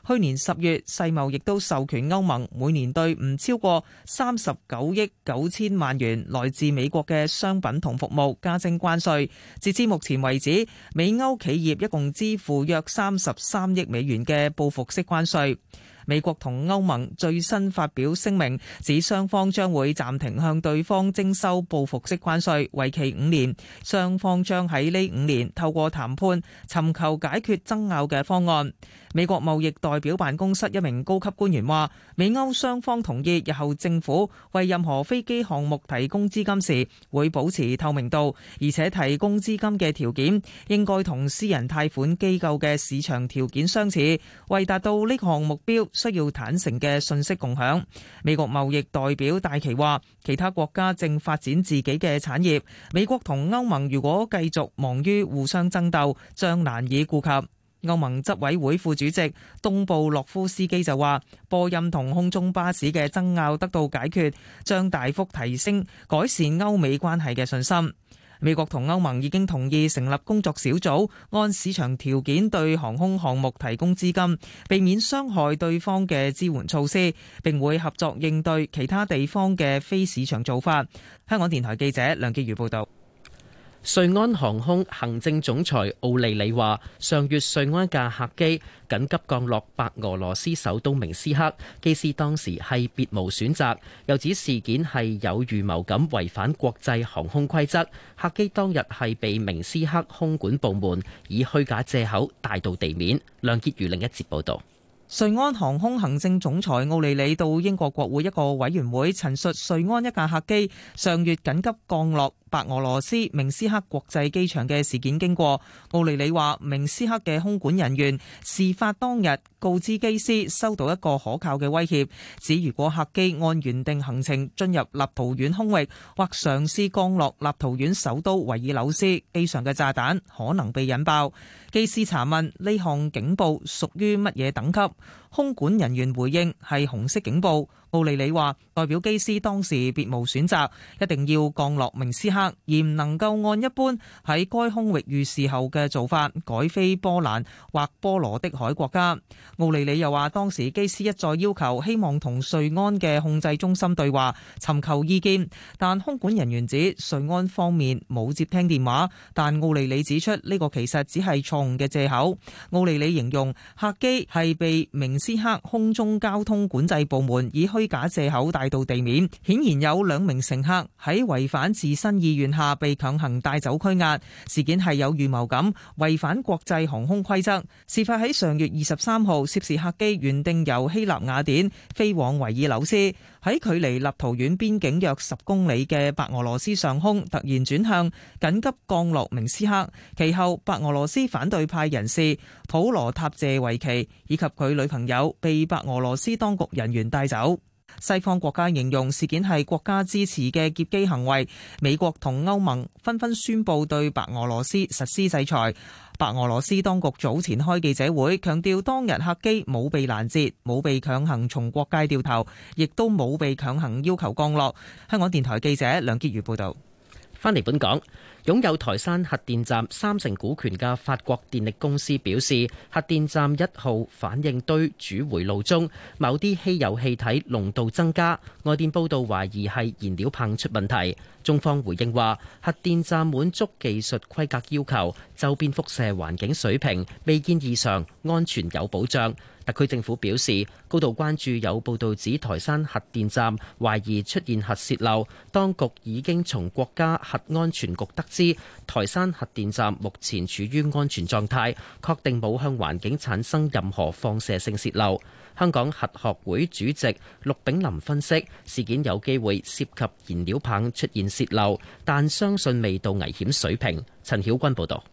去年十月，世貿亦都授權歐盟每年對唔超過三十九億九千萬元來自美國嘅商品同服務加徵關稅，截至目前為止，美歐企業一共支付約三十三億美元嘅報復式關稅。美國同歐盟最新發表聲明，指雙方將會暫停向對方徵收報復式關稅，為期五年。雙方將喺呢五年透過談判尋求解決爭拗嘅方案。美國貿易代表辦公室一名高級官員話，美歐雙方同意，日後政府為任何飛機項目提供資金時，會保持透明度，而且提供資金嘅條件應該同私人貸款機構嘅市場條件相似。為達到呢項目標，需要坦誠嘅信息共享。美國貿易代表戴琪話：其他國家正發展自己嘅產業。美國同歐盟如果繼續忙於互相爭鬥，將難以顧及。歐盟執委會副主席東布洛夫斯基就話：波音同空中巴士嘅爭拗得到解決，將大幅提升改善歐美關係嘅信心。美國同歐盟已經同意成立工作小組，按市場條件對航空項目提供資金，避免傷害對方嘅支援措施，並會合作應對其他地方嘅非市場做法。香港電台記者梁潔如報導。瑞安航空行政總裁奧利里話，上月瑞安一架客機緊急降落白俄羅斯首都明斯克，機師當時係別無選擇，又指事件係有預謀咁違反國際航空規則。客機當日係被明斯克空管部門以虛假借口帶到地面。梁潔如另一節報道，瑞安航空行政總裁奧利里到英國國會一個委員會陳述，瑞安一架客機上月緊急降落，白俄羅斯明斯克國際機場嘅事件經過，奧利里話：明斯克嘅空管人員事發當日告知機師收到一個可靠嘅威脅，指如果客機按原定行程進入立陶宛空域或嘗試降落立陶宛首都維爾紐斯，機上嘅炸彈可能被引爆。機師查問呢項警報屬於乜嘢等級，空管人員回應係紅色警報。奧利里話：代表機師當時別無選擇，一定要降落明斯克，而唔能夠按一般喺該空域遇事後嘅做法改飛波蘭或波羅的海國家。奧利里又話：當時機師一再要求希望同瑞安嘅控制中心對話，尋求意見，但空管人員指瑞安方面冇接聽電話。但奧利里指出呢個其實只係錯誤嘅借口。奧利里形容客機係被明斯克空中交通管制部門以虛。假借口帶到地面，顯然有兩名乘客喺違反自身意願下被強行帶走拘押。事件係有預謀咁違反國際航空規則。事發喺上月二十三號，涉事客機原定由希臘雅典飛往維爾紐斯，喺距離立陶宛邊境約十公里嘅白俄羅斯上空突然轉向，緊急降落明斯克。其後，白俄羅斯反對派人士普羅塔謝維奇以及佢女朋友被白俄羅斯當局人員帶走。西方國家形容事件係國家支持嘅劫機行為，美國同歐盟紛紛宣布對白俄羅斯實施制裁。白俄羅斯當局早前開記者會，強調當日客機冇被攔截，冇被強行從國界掉頭，亦都冇被強行要求降落。香港電台記者梁潔如報導。翻嚟本港，擁有台山核電站三成股權嘅法國電力公司表示，核電站一號反應堆主回路中某啲稀有氣體濃度增加，外電報道懷疑係燃料棒出問題。中方回應話，核電站滿足技術規格要求，周邊輻射環境水平未見異常，安全有保障。特區政府表示高度關注，有報道指台山核電站懷疑出現核泄漏，當局已經從國家核安全局得知台山核電站目前處於安全狀態，確定冇向環境產生任何放射性泄漏。香港核學會主席陸炳林分析，事件有機會涉及燃料棒出現泄漏，但相信未到危險水平。陳曉君報導。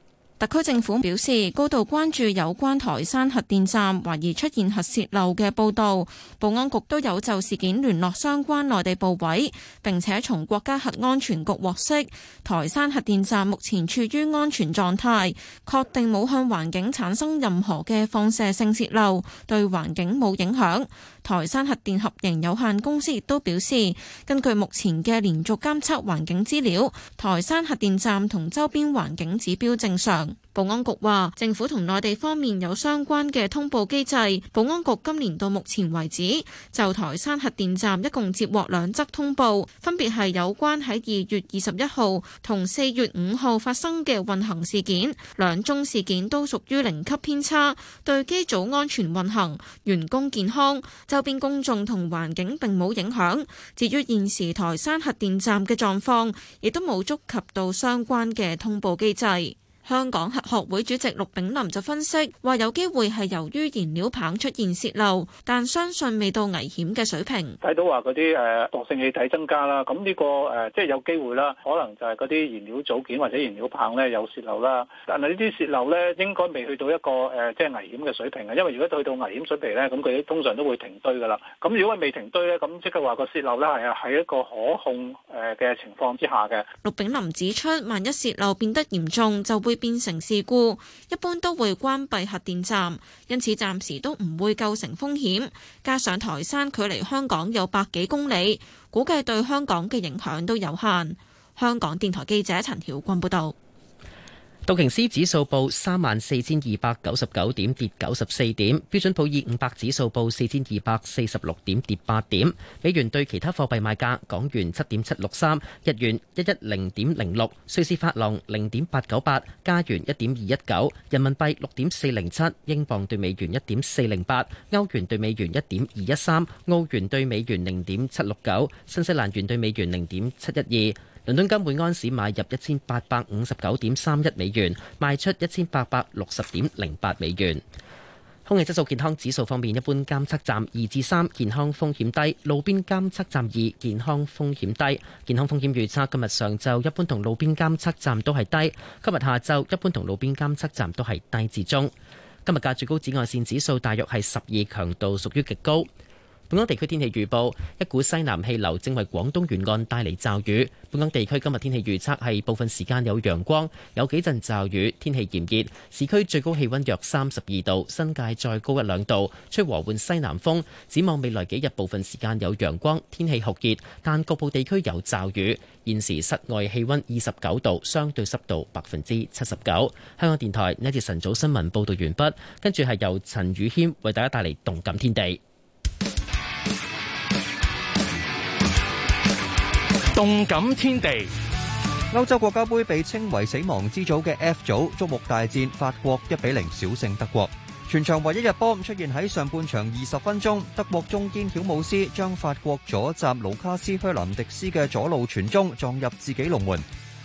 特區政府表示高度關注有關台山核電站懷疑出現核泄漏嘅報道，保安局都有就事件聯絡相關內地部委，並且從國家核安全局獲悉，台山核電站目前處於安全狀態，確定冇向環境產生任何嘅放射性泄漏，對環境冇影響。台山核電合營有限公司亦都表示，根據目前嘅連續監測環境資料，台山核電站同周邊環境指標正常。保安局話，政府同內地方面有相關嘅通報機制。保安局今年到目前為止，就台山核電站一共接獲兩則通報，分別係有關喺二月二十一號同四月五號發生嘅運行事件。兩宗事件都屬於零級偏差，對機組安全運行、員工健康、周邊公眾同環境並冇影響。至於現時台山核電站嘅狀況，亦都冇觸及到相關嘅通報機制。香港核學會主席陸炳林就分析話，有機會係由於燃料棒出現洩漏，但相信未到危險嘅水平。睇到話嗰啲誒毒性氣體增加啦，咁呢個誒即係有機會啦，可能就係嗰啲燃料組件或者燃料棒咧有洩漏啦。但係呢啲洩漏咧應該未去到一個誒即係危險嘅水平啊，因為如果去到危險水平咧，咁佢通常都會停堆噶啦。咁如果未停堆咧，咁即係話個洩漏咧係喺一個可控誒嘅情況之下嘅。陸炳林指出，萬一洩漏變得嚴重，就會變成事故，一般都會關閉核電站，因此暫時都唔會構成風險。加上台山距離香港有百幾公里，估計對香港嘅影響都有限。香港電台記者陳曉君報道。道瓊斯指數報三萬四千二百九十九點，跌九十四點；標準普爾五百指數報四千二百四十六點，跌八點。美元對其他貨幣賣價：港元七點七六三，日元一一零點零六，瑞士法郎零點八九八，加元一點二一九，人民幣六點四零七，英鎊對美元一點四零八，歐元對美元一點二一三，澳元對美元零點七六九，新西蘭元對美元零點七一二。倫敦金每安士買入一千八百五十九點三一美元，賣出一千八百六十點零八美元。空氣質素健康指數方面，一般監測站二至三，健康風險低；路邊監測站二，健康風險低。健康風險預測今日上晝一般同路邊監測站都係低，今日下晝一般同路邊監測站都係低至中。今日嘅最高紫外線指數大約係十二，強度屬於極高。本港地區天氣預報：一股西南氣流正為廣東沿岸帶嚟驟雨。本港地區今日天氣預測係部分時間有陽光，有幾陣驟雨，天氣炎熱。市區最高氣溫約三十二度，新界再高一兩度，吹和緩西南風。展望未來幾日，部分時間有陽光，天氣酷熱，但局部地區有驟雨。現時室外氣溫二十九度，相對濕度百分之七十九。香港電台呢節晨早新聞報道完畢，跟住係由陳宇謙為大家帶嚟動感天地。動感天地，歐洲國家杯被稱為死亡之組嘅 F 組，矚目大戰，法國一比零小勝德國。全場唯一入波出現喺上半場二十分鐘，德國中堅曉姆斯將法國左閘盧卡斯·靴蘭迪斯嘅左路傳中撞入自己龍門。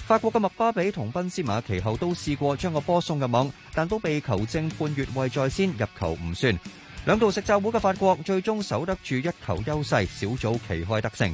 法國嘅麥巴比同賓斯馬其後都試過將個波送入網，但都被球證判越位在先入球唔算。兩度食詐糊嘅法國最終守得住一球優勢，小組旗開得勝。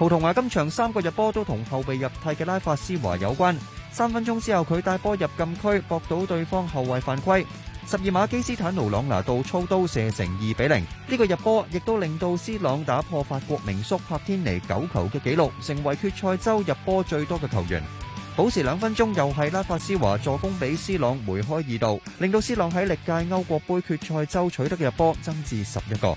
葡萄牙今場三個入波都同後備入替嘅拉法斯華有關。三分鐘之後，佢帶波入禁區，博到對方後衛犯規。十二碼基斯坦奴朗拿度操刀射成二比零，呢個入波亦都令到斯朗打破法國名宿帕天尼九球嘅紀錄，成為決賽周入波最多嘅球員。補時兩分鐘又係拉法斯華助攻，俾斯朗梅開二度，令到斯朗喺歷屆歐國杯決賽周取得嘅入波增至十一個。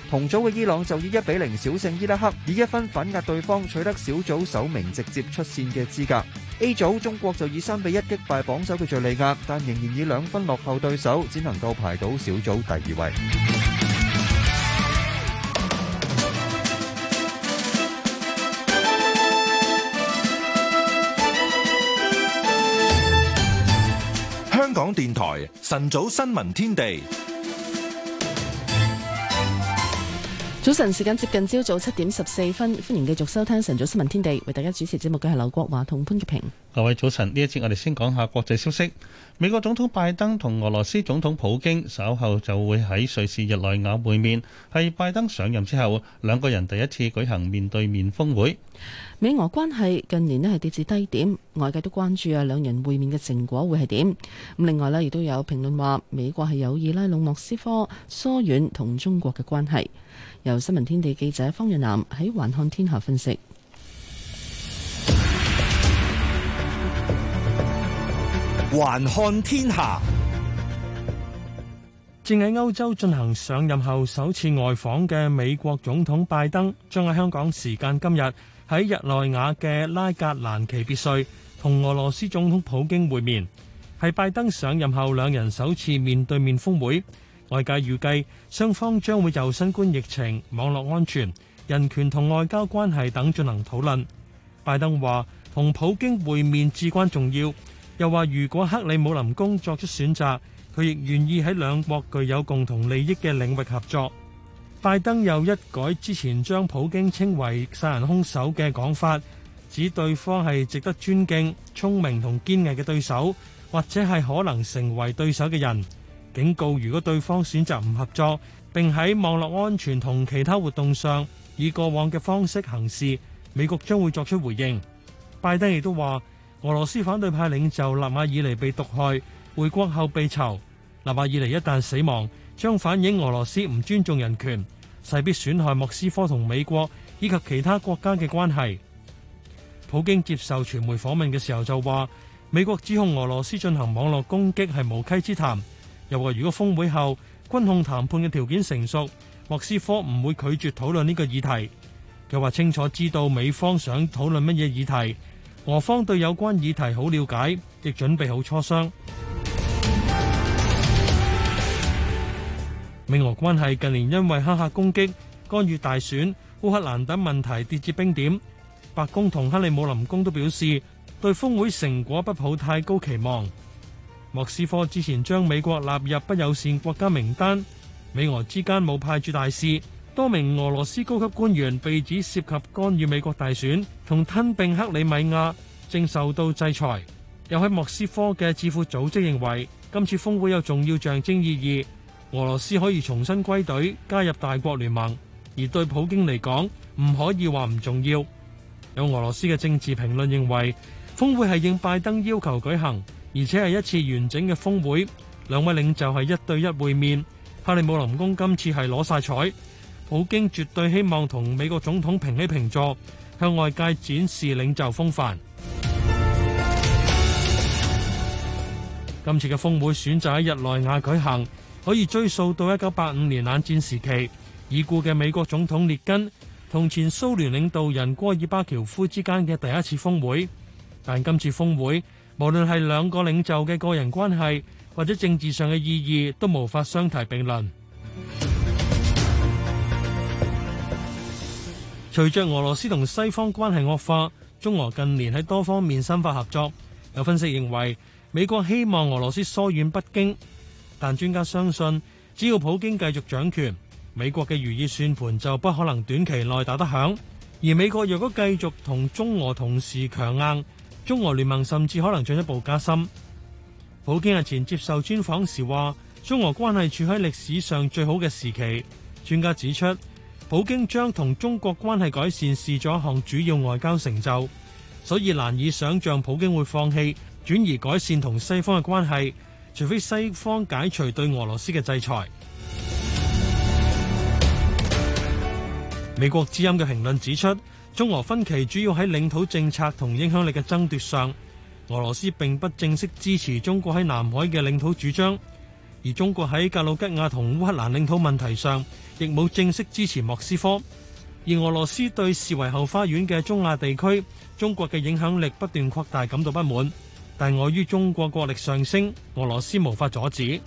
紅組嘅伊朗就以一比零小勝伊拉克，以一分反壓對方，取得小組首名，直接出線嘅資格。A 組中國就以三比一擊敗榜首嘅敘利亞，但仍然以兩分落後對手，只能夠排到小組第二位。香港電台晨早新聞天地。早晨，時間接近朝早七點十四分，歡迎繼續收聽晨早新聞天地。為大家主持節目嘅係劉國華同潘潔平。各位早晨，呢一節我哋先講下國際消息。美國總統拜登同俄羅斯總統普京稍後就會喺瑞士日內瓦會面，係拜登上任之後兩個人第一次舉行面對面峰會。美俄關係近年咧係跌至低點，外界都關注啊，兩人會面嘅成果會係點。咁另外呢亦都有評論話，美國係有意拉攏莫斯科，疏遠同中國嘅關係。由新聞天地記者方若南喺《環看天下》分析。《環看天下》正喺歐洲進行上任後首次外訪嘅美國總統拜登，將喺香港時間今日喺日內瓦嘅拉格蘭奇別墅同俄羅斯總統普京會面，係拜登上任後兩人首次面對面峰會。外界預計，雙方將會由新冠疫情、網絡安全、人權同外交關係等進行討論。拜登話，同普京會面至關重要，又話如果克里姆林宮作出選擇，佢亦願意喺兩國具有共同利益嘅領域合作。拜登又一改之前將普京稱為殺人兇手嘅講法，指對方係值得尊敬、聰明同堅毅嘅對手，或者係可能成為對手嘅人。警告：如果對方選擇唔合作，並喺網絡安全同其他活動上以過往嘅方式行事，美國將會作出回應。拜登亦都話，俄羅斯反對派領袖納瓦爾尼被毒害，回國後被囚。納瓦爾尼一旦死亡，將反映俄羅斯唔尊重人權，勢必損害莫斯科同美國以及其他國家嘅關係。普京接受傳媒訪問嘅時候就話：美國指控俄羅斯進行網絡攻擊係無稽之談。又話如果峰會後軍控談判嘅條件成熟，莫斯科唔會拒絕討論呢個議題。又話清楚知道美方想討論乜嘢議題，俄方對有關議題好了解，亦準備好磋商。 美俄關係近年因為黑客攻擊、干預大選、烏克蘭等問題跌至冰點。白宮同克里姆林宮都表示對峰會成果不抱太高期望。莫斯科之前將美國納入不友善國家名單，美俄之間冇派駐大使，多名俄羅斯高級官員被指涉及干預美國大選同吞併克里米亞，正受到制裁。又喺莫斯科嘅智庫組織認為，今次峰會有重要象徵意義，俄羅斯可以重新歸隊加入大國聯盟，而對普京嚟講唔可以話唔重要。有俄羅斯嘅政治評論認為，峰會係應拜登要求舉行。而且係一次完整嘅峰會，兩位領袖係一對一會面。克里姆林宮今次係攞晒彩，普京絕對希望同美國總統平起平坐，向外界展示領袖風範。 今次嘅峰會選擇喺日內瓦舉行，可以追溯到一九八五年冷戰時期，已故嘅美國總統列根同前蘇聯領導人戈爾巴喬夫之間嘅第一次峰會。但今次峰會，無論係兩個領袖嘅個人關係，或者政治上嘅意義，都無法相提並論。 隨着俄羅斯同西方關係惡化，中俄近年喺多方面深化合作。有分析認為，美國希望俄羅斯疏遠北京，但專家相信，只要普京繼續掌權，美國嘅如意算盤就不可能短期內打得響。而美國若果繼續同中俄同時強硬，中俄聯盟甚至可能進一步加深。普京日前接受專訪時話：中俄關係處喺歷史上最好嘅時期。專家指出，普京將同中國關係改善視作一項主要外交成就，所以難以想像普京會放棄轉而改善同西方嘅關係，除非西方解除對俄羅斯嘅制裁。美國之音嘅評論指出。中俄分歧主要喺領土政策同影響力嘅爭奪上，俄羅斯並不正式支持中國喺南海嘅領土主張，而中國喺格魯吉亞同烏克蘭領土問題上亦冇正式支持莫斯科。而俄羅斯對視為後花園嘅中亞地區中國嘅影響力不斷擴大感到不滿，但礙於中國國力上升，俄羅斯無法阻止。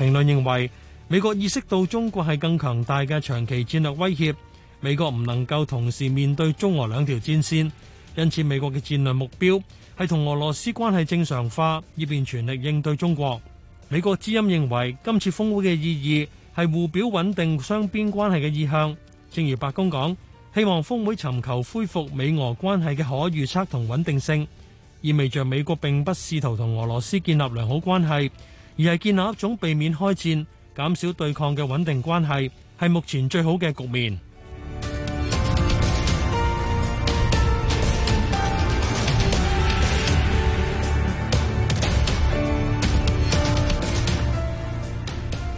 評論 認為。美國意識到中國係更強大嘅長期戰略威脅，美國唔能夠同時面對中俄兩條戰線，因此美國嘅戰略目標係同俄羅斯關係正常化，以便全力應對中國。美國之音認為今次峰會嘅意義係互表穩定雙邊關係嘅意向，正如白宮講，希望峰會尋求恢復美俄關係嘅可預測同穩定性，意味着美國並不試圖同俄羅斯建立良好關係，而係建立一種避免開戰，減少對抗嘅穩定關係係目前最好嘅局面。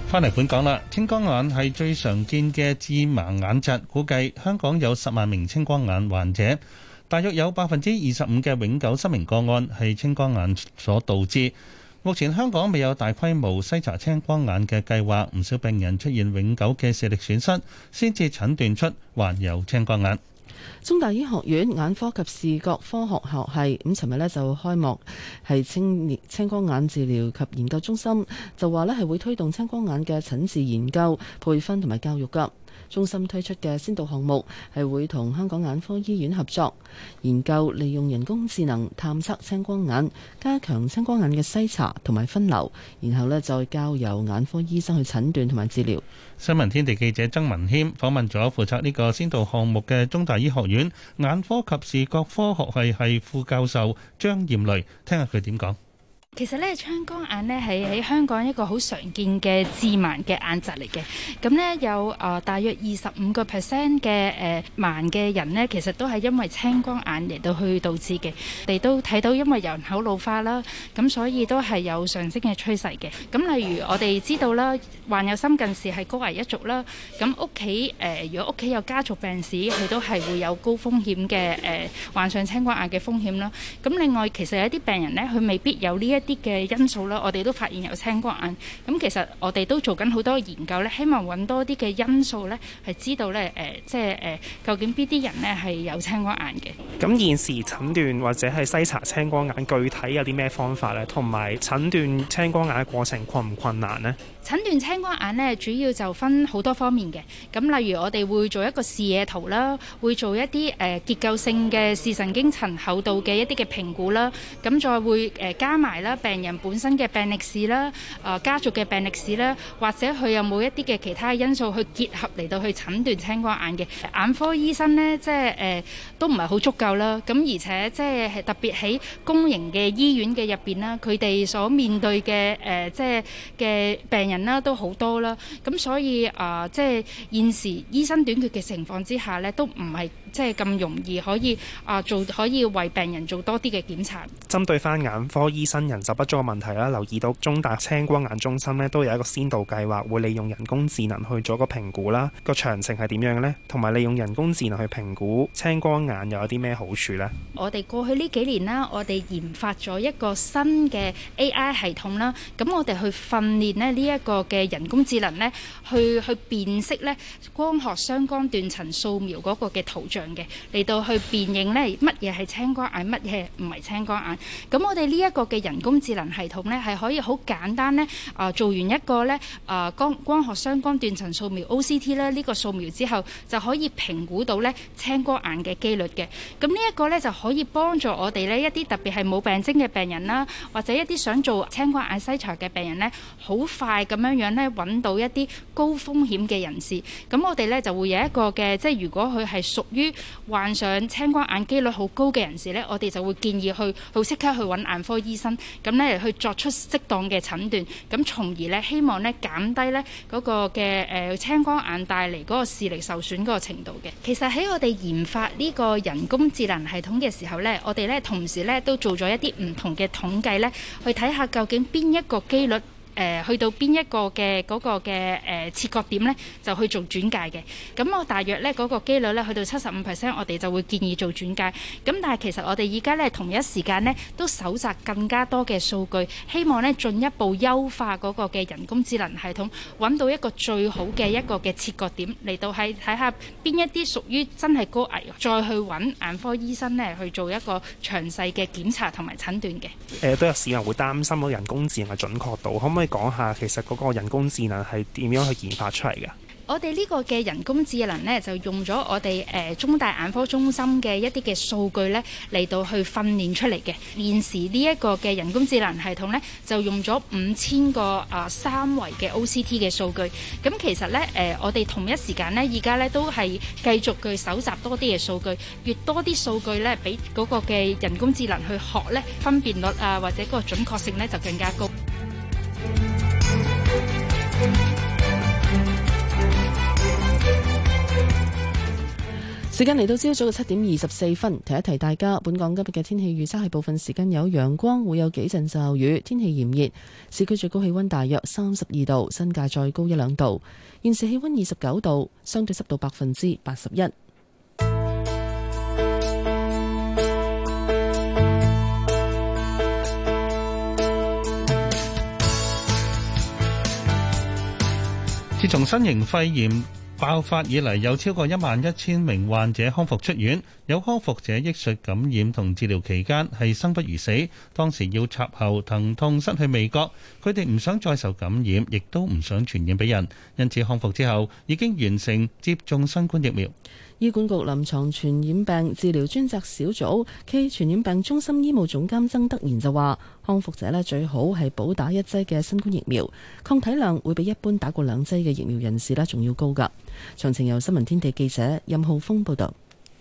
返嚟本港啦，青光眼係最常見嘅致盲眼疾，估計香港有十萬名青光眼患者，大約有百分之二十五嘅永久失明個案係青光眼所導致。目前香港未有大規模篩查青光眼嘅計劃，唔少病人出現永久嘅視力損失，先至診斷出患有青光眼。中大醫學院眼科及視覺科學學系咁，尋日咧就開幕係青青光眼治療及研究中心，就話咧係會推動青光眼嘅診治研究、培訓同埋教育噶中心推出嘅先導項目係會同香港眼科醫院合作研究，利用人工智能探測青光眼，加強青光眼嘅篩查同埋分流，然後咧再交由眼科醫生去診斷同埋治療。新聞天地記者曾文謙訪問咗負責呢個先導項目嘅中大醫學院眼科及視覺科學系係副教授張艷蕾，聽下佢點講。其實咧青光眼咧係喺香港一個好常見嘅致盲嘅眼疾嚟嘅。咁咧有誒大約二十五個 percent 嘅誒盲嘅人咧，其實都係因為青光眼嚟到去導致嘅。我哋都睇到因為人口老化啦，咁所以都係有上升嘅趨勢嘅。咁例如我哋知道啦，患有深近視係高危一族啦。咁屋企誒如果屋企有家族病史，佢都係會有高風險嘅誒患上青光眼嘅風險啦。咁另外其實有一啲病人咧，佢未必有呢一啲嘅因素啦，我哋都發現有青光眼。咁其實我哋都做緊好多研究咧，希望揾多啲嘅因素咧，係知道咧誒、呃、即係誒、呃、究竟邊啲人咧係有青光眼嘅。咁現時診斷或者係篩查青光眼，具體有啲咩方法咧？同埋診斷青光眼嘅過程困唔困難咧？診斷青光眼咧，主要就分好多方面嘅。咁例如我哋會做一個視野圖啦，會做一啲誒結構性嘅視神經層厚度嘅一啲嘅評估啦，咁再會誒加埋啦。病人本身嘅病歷史啦，誒、呃、家族嘅病歷史啦，或者佢有冇一啲嘅其他因素去結合嚟到去診斷青光眼嘅眼科醫生咧，即係誒、呃、都唔係好足夠啦。咁而且即係特別喺公營嘅醫院嘅入邊啦，佢哋所面對嘅誒、呃、即係嘅病人啦都好多啦。咁所以誒、呃、即係現時醫生短缺嘅情況之下咧，都唔係。即係咁容易可以啊做可以為病人做多啲嘅檢查。針對翻眼科醫生人手不足嘅問題啦，留意到中大青光眼中心咧，都有一個先導計劃，會利用人工智能去做個評估啦。個詳情係點樣嘅咧？同埋利用人工智能去評估青光眼又有啲咩好處咧？我哋過去呢幾年啦，我哋研發咗一個新嘅 AI 系統啦。咁我哋去訓練咧呢一個嘅人工智能咧，去去辨識咧光學相干斷層掃描嗰個嘅圖像，嘅嚟到去辨認咧，乜嘢係青光眼，乜嘢唔係青光眼？咁我哋呢一個嘅人工智能系統咧，係可以好簡單咧，啊做完一個咧，啊光光學相干斷層掃描 OCT 咧，呢個掃描之後就可以評估到咧青光眼嘅機率嘅。咁呢一個咧就可以幫助我哋咧一啲特別係冇病徵嘅病人啦，或者一啲想做青光眼篩查嘅病人咧，好快咁樣樣咧揾到一啲高風險嘅人士。咁我哋咧就會有一個嘅，即係如果佢係屬於患上青光眼幾率好高嘅人士呢，我哋就會建議去好即刻去揾眼科醫生，咁呢去作出適當嘅診斷，咁從而呢，希望呢減低呢嗰個嘅誒、呃、青光眼帶嚟嗰個視力受損嗰個程度嘅。其實喺我哋研發呢個人工智能系統嘅時候呢，我哋呢同時呢都做咗一啲唔同嘅統計呢，去睇下究竟邊一個機率。誒去到邊一個嘅嗰嘅誒切割點呢，就去做轉介嘅。咁我大約呢嗰個機率呢，去到七十五 percent，我哋就會建議做轉介。咁但係其實我哋而家呢，同一時間呢，都搜集更加多嘅數據，希望呢進一步優化嗰個嘅人工智能系統，揾到一個最好嘅一個嘅切割點嚟到係睇下邊一啲屬於真係高危，再去揾眼科醫生呢去做一個詳細嘅檢查同埋診斷嘅。誒、呃、都有市民會擔心嗰人工智能嘅準確度，可唔可以？講下其實嗰個人工智能係點樣去研發出嚟嘅？我哋呢個嘅人工智能呢，就用咗我哋誒中大眼科中心嘅一啲嘅數據呢嚟到去訓練出嚟嘅。現時呢一個嘅人工智能系統呢，就用咗五千個啊三維嘅 OCT 嘅數據。咁其實呢，誒我哋同一時間呢，而家呢都係繼續去搜集多啲嘅數據，越多啲數據呢，俾嗰個嘅人工智能去學呢，分辨率啊或者嗰個準確性呢，就更加高。時間嚟到朝早嘅七點二十四分，提一提大家。本港今日嘅天氣預測係部分時間有陽光，會有幾陣驟雨，天氣炎熱。市區最高氣溫大約三十二度，新界再高一兩度。現時氣溫二十九度，相對濕度百分之八十一。自從新型肺炎爆發以嚟有超過一萬一千名患者康復出院，有康復者憶述感染同治療期間係生不如死，當時要插喉疼痛失去味覺，佢哋唔想再受感染，亦都唔想傳染俾人，因此康復之後已經完成接種新冠疫苗。醫管局臨牀傳染病治療專責小組暨傳染病中心醫務總監曾德賢就話：康復者呢最好係補打一劑嘅新冠疫苗，抗體量會比一般打過兩劑嘅疫苗人士呢仲要高噶。詳情由新聞天地記者任浩峰報道。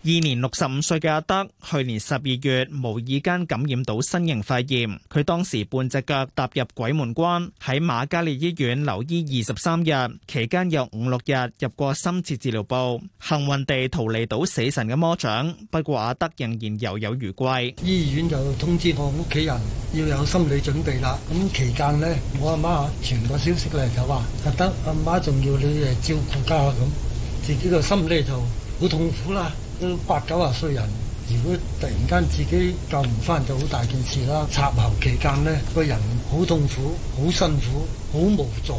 二年六十五歲嘅阿德，去年十二月無意間感染到新型肺炎。佢當時半隻腳踏入鬼門關，喺瑪嘉烈醫院留醫二十三日，期間約五六日入過深切治療部。幸運地逃離到死神嘅魔掌，不過阿德仍然猶有餘悸。醫院就通知我屋企人要有心理準備啦。咁期間呢，我阿媽傳個消息過嚟，就話阿德阿媽仲要你照顧家咁，自己個心裏頭好痛苦啦。都八九啊歲人，如果突然間自己救唔翻，就好大件事啦。插喉期間咧，個人好痛苦、好辛苦、好無助，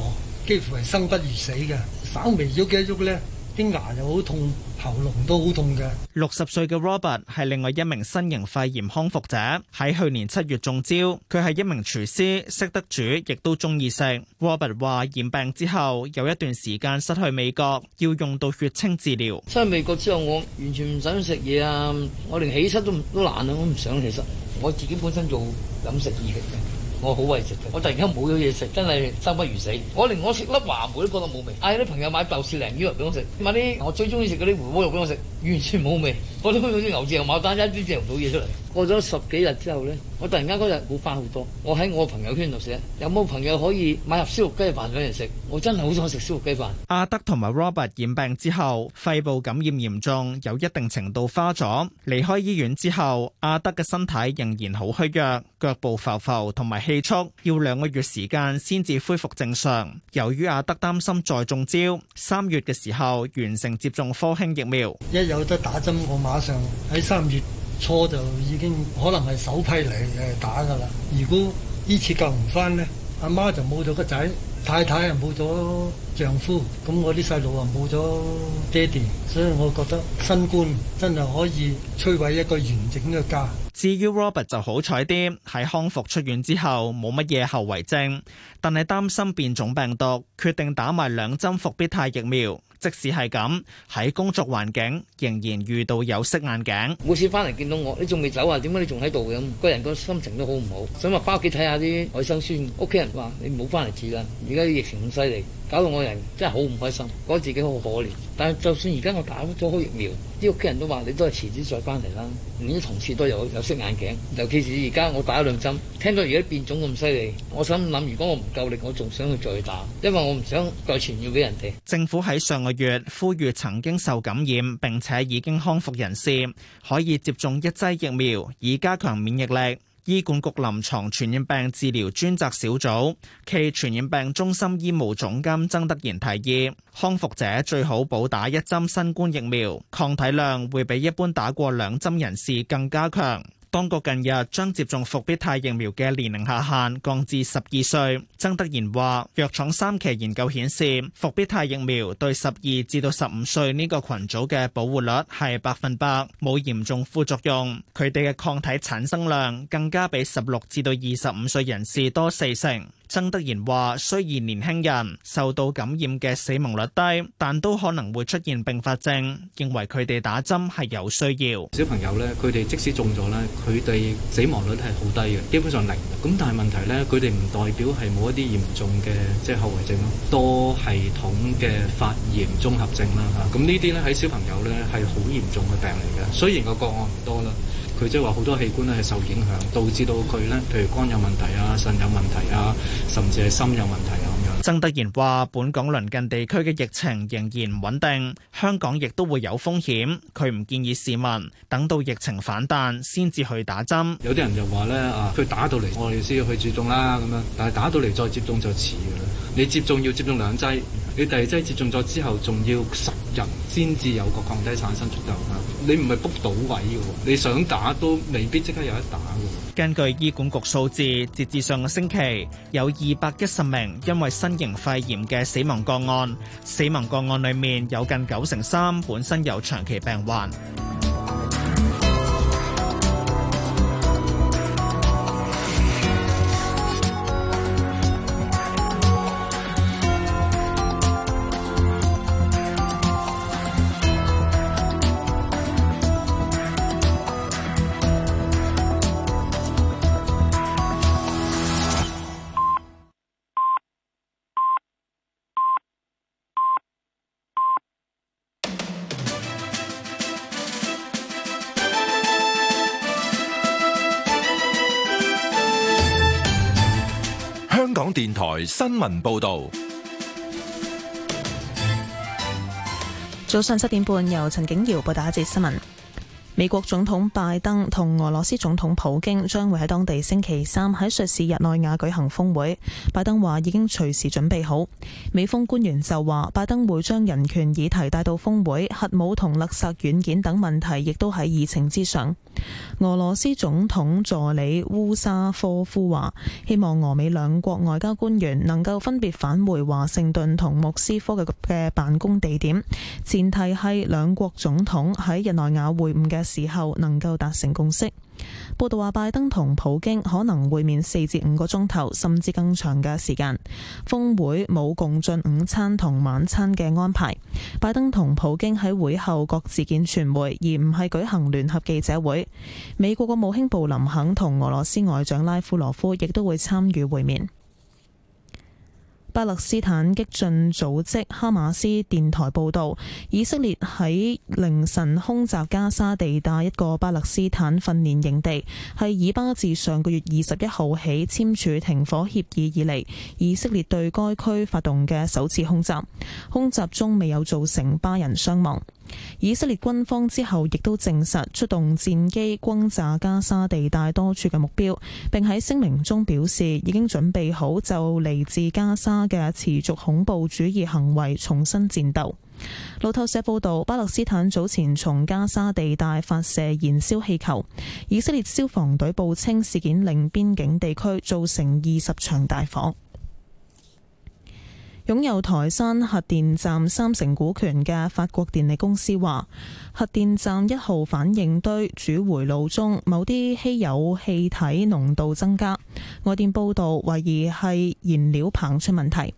幾乎係生不如死嘅。稍微喐幾喐咧，啲牙又好痛，喉嚨都好痛嘅。六十歲嘅 Robert 係另外一名新型肺炎康復者，喺去年七月中招。佢係一名廚師，識得煮，亦都中意食。Robert 話染病之後有一段時間失去味覺，要用到血清治療。失去味覺之後，我完全唔想食嘢啊！我連起身都都難啊！我唔想。其實我自己本身做飲食業嘅。我好為食嘅，我突然間冇咗嘢食，真係生不如死。我連我食粒話梅都覺得冇味。嗌啲朋友買豆豉鯪魚嚟俾我食，買啲我最中意食嗰啲回鍋肉俾我食，完全冇味。我都嗰啲牛腱、馬丹一啲嚼唔到嘢出嚟。過咗十幾日之後呢，我突然間嗰日冇翻好多。我喺我朋友圈度寫：有冇朋友可以買盒燒肉雞飯俾人食？我真係好想食燒肉雞飯。阿德同埋 Robert 染病之後，肺部感染嚴重，有一定程度花咗。離開醫院之後，阿德嘅身體仍然好虛弱，腳步浮浮，同埋氣促，要兩個月時間先至恢復正常。由於阿德擔心再中招，三月嘅時候完成接種科興疫苗。一有得打針，我馬上喺三月。錯就已經可能係首批嚟打㗎喇，如果呢次救唔返呢，阿媽就冇咗個仔，太太又冇咗。丈夫咁，我啲細路啊冇咗爹哋，所以我覺得新冠真係可以摧毀一個完整嘅家。至於 Robert 就好彩啲，喺康復出院之後冇乜嘢後遺症，但係擔心變種病毒，決定打埋兩針復必泰疫苗。即使係咁，喺工作環境仍然遇到有色眼鏡。每次翻嚟見到我，你仲未走啊？點解你仲喺度咁？個人個心情都好唔好，想話翻屋企睇下啲外甥孫。屋企人話：你唔好翻嚟治啦，而家啲疫情咁犀利。搞到我人真係好唔開心，覺得自己好可憐。但係就算而家我打咗好疫苗，啲屋企人都話你都係遲啲再翻嚟啦。連啲同事都有有色眼鏡，尤其是而家我打咗兩針，聽到而家變種咁犀利，我心諗如果我唔夠力，我仲想去再打，因為我唔想再傳染俾人哋。政府喺上個月呼籲曾經受感染並且已經康復人士可以接種一劑疫苗，以加強免疫力。醫管局臨床傳染病治療專責小組暨傳染病中心醫務總監曾德賢提議，康復者最好補打一針新冠疫苗，抗體量會比一般打過兩針人士更加強。當局近日將接種復必泰疫苗嘅年齡下限降至十二歲。曾德賢話：藥廠三期研究顯示，復必泰疫苗對十二至到十五歲呢個群組嘅保護率係百分百，冇嚴重副作用。佢哋嘅抗體產生量更加比十六至到二十五歲人士多四成。曾德賢話：雖然年輕人受到感染嘅死亡率低，但都可能會出現併發症。認為佢哋打針係有需要。小朋友咧，佢哋即使中咗咧，佢哋死亡率係好低嘅，基本上零。咁但係問題咧，佢哋唔代表係冇一啲嚴重嘅即係後遺症咯，多系統嘅發炎綜合症啦。吓、啊，咁呢啲咧喺小朋友咧係好嚴重嘅病嚟嘅。雖然個個案唔多啦。佢即係話好多器官咧係受影響，導致到佢咧，譬如肝有問題啊、腎有問題啊，甚至係心有問題啊咁樣。曾德賢話，本港鄰近地區嘅疫情仍然唔穩定，香港亦都會有風險。佢唔建議市民等到疫情反彈先至去打針。有啲人就話咧啊，佢打到嚟，我哋先要去接種啦咁樣。但係打到嚟再接種就遲㗎啦。你接種要接種兩劑。你第二劑接種咗之後，仲要十日先至有個抗體產生出嚟。嗯、你唔係 book 到位嘅，你想打都未必即刻有得打嘅。根據醫管局數字，截至上個星期，有二百一十名因為新型肺炎嘅死亡個案，死亡個案裡面有近九成三本身有長期病患。電台新聞報道：早上七點半，由陳景瑤報打一節新聞。美國總統拜登同俄羅斯總統普京將會喺當地星期三喺瑞士日內瓦舉行峰會。拜登話已經隨時準備好。美方官員就話拜登會將人權議題帶到峰會，核武同勒索軟件等問題亦都喺議程之上。俄羅斯總統助理烏沙科夫話，希望俄美兩國外交官員能夠分別返回華盛頓同莫斯科嘅嘅辦公地點，前提係兩國總統喺日內瓦會晤嘅時候能夠達成共識。報道話，拜登同普京可能會面四至五個鐘頭，甚至更長嘅時間。峰會冇共進午餐同晚餐嘅安排。拜登同普京喺會後各自見傳媒，而唔係舉行聯合記者會。美國嘅國務卿布林肯同俄羅斯外長拉夫羅夫亦都會參與會面。巴勒斯坦激進組織哈馬斯電台報道，以色列喺凌晨空襲加沙地帶一個巴勒斯坦訓練營地，係以巴自上個月二十一號起簽署停火協議以嚟，以色列對該區發動嘅首次空襲，空襲中未有造成巴人傷亡。以色列軍方之後亦都證實出動戰機轟炸加沙地帶多處嘅目標，並喺聲明中表示已經準備好就嚟自加沙嘅持續恐怖主義行為重新戰鬥。路透社報道，巴勒斯坦早前從加沙地帶發射燃燒氣球，以色列消防隊報稱事件令邊境地區造成二十場大火。擁有台山核電站三成股權嘅法國電力公司話，核電站一號反應堆主回路中某啲稀有氣體濃度增加，外電報道懷疑係燃料棒出問題。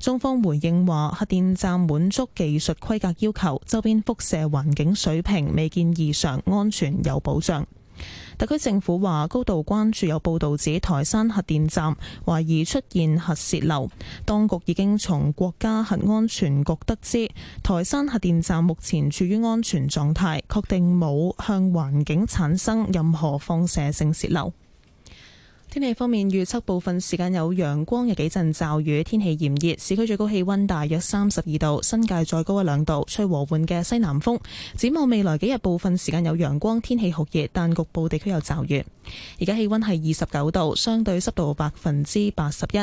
中方回應話，核電站滿足技術規格要求，周邊輻射環境水平未見異常，安全有保障。特區政府話高度關注，有報道指台山核電站懷疑出現核泄漏，當局已經從國家核安全局得知，台山核電站目前處於安全狀態，確定冇向環境產生任何放射性泄漏。天氣方面預測部分時間有陽光，有幾陣驟雨，天氣炎熱，市區最高氣温大約三十二度，新界再高一兩度，吹和緩嘅西南風。展望未來幾日，部分時間有陽光，天氣酷熱，但局部地區有驟雨。而家氣温係二十九度，相對濕度百分之八十一。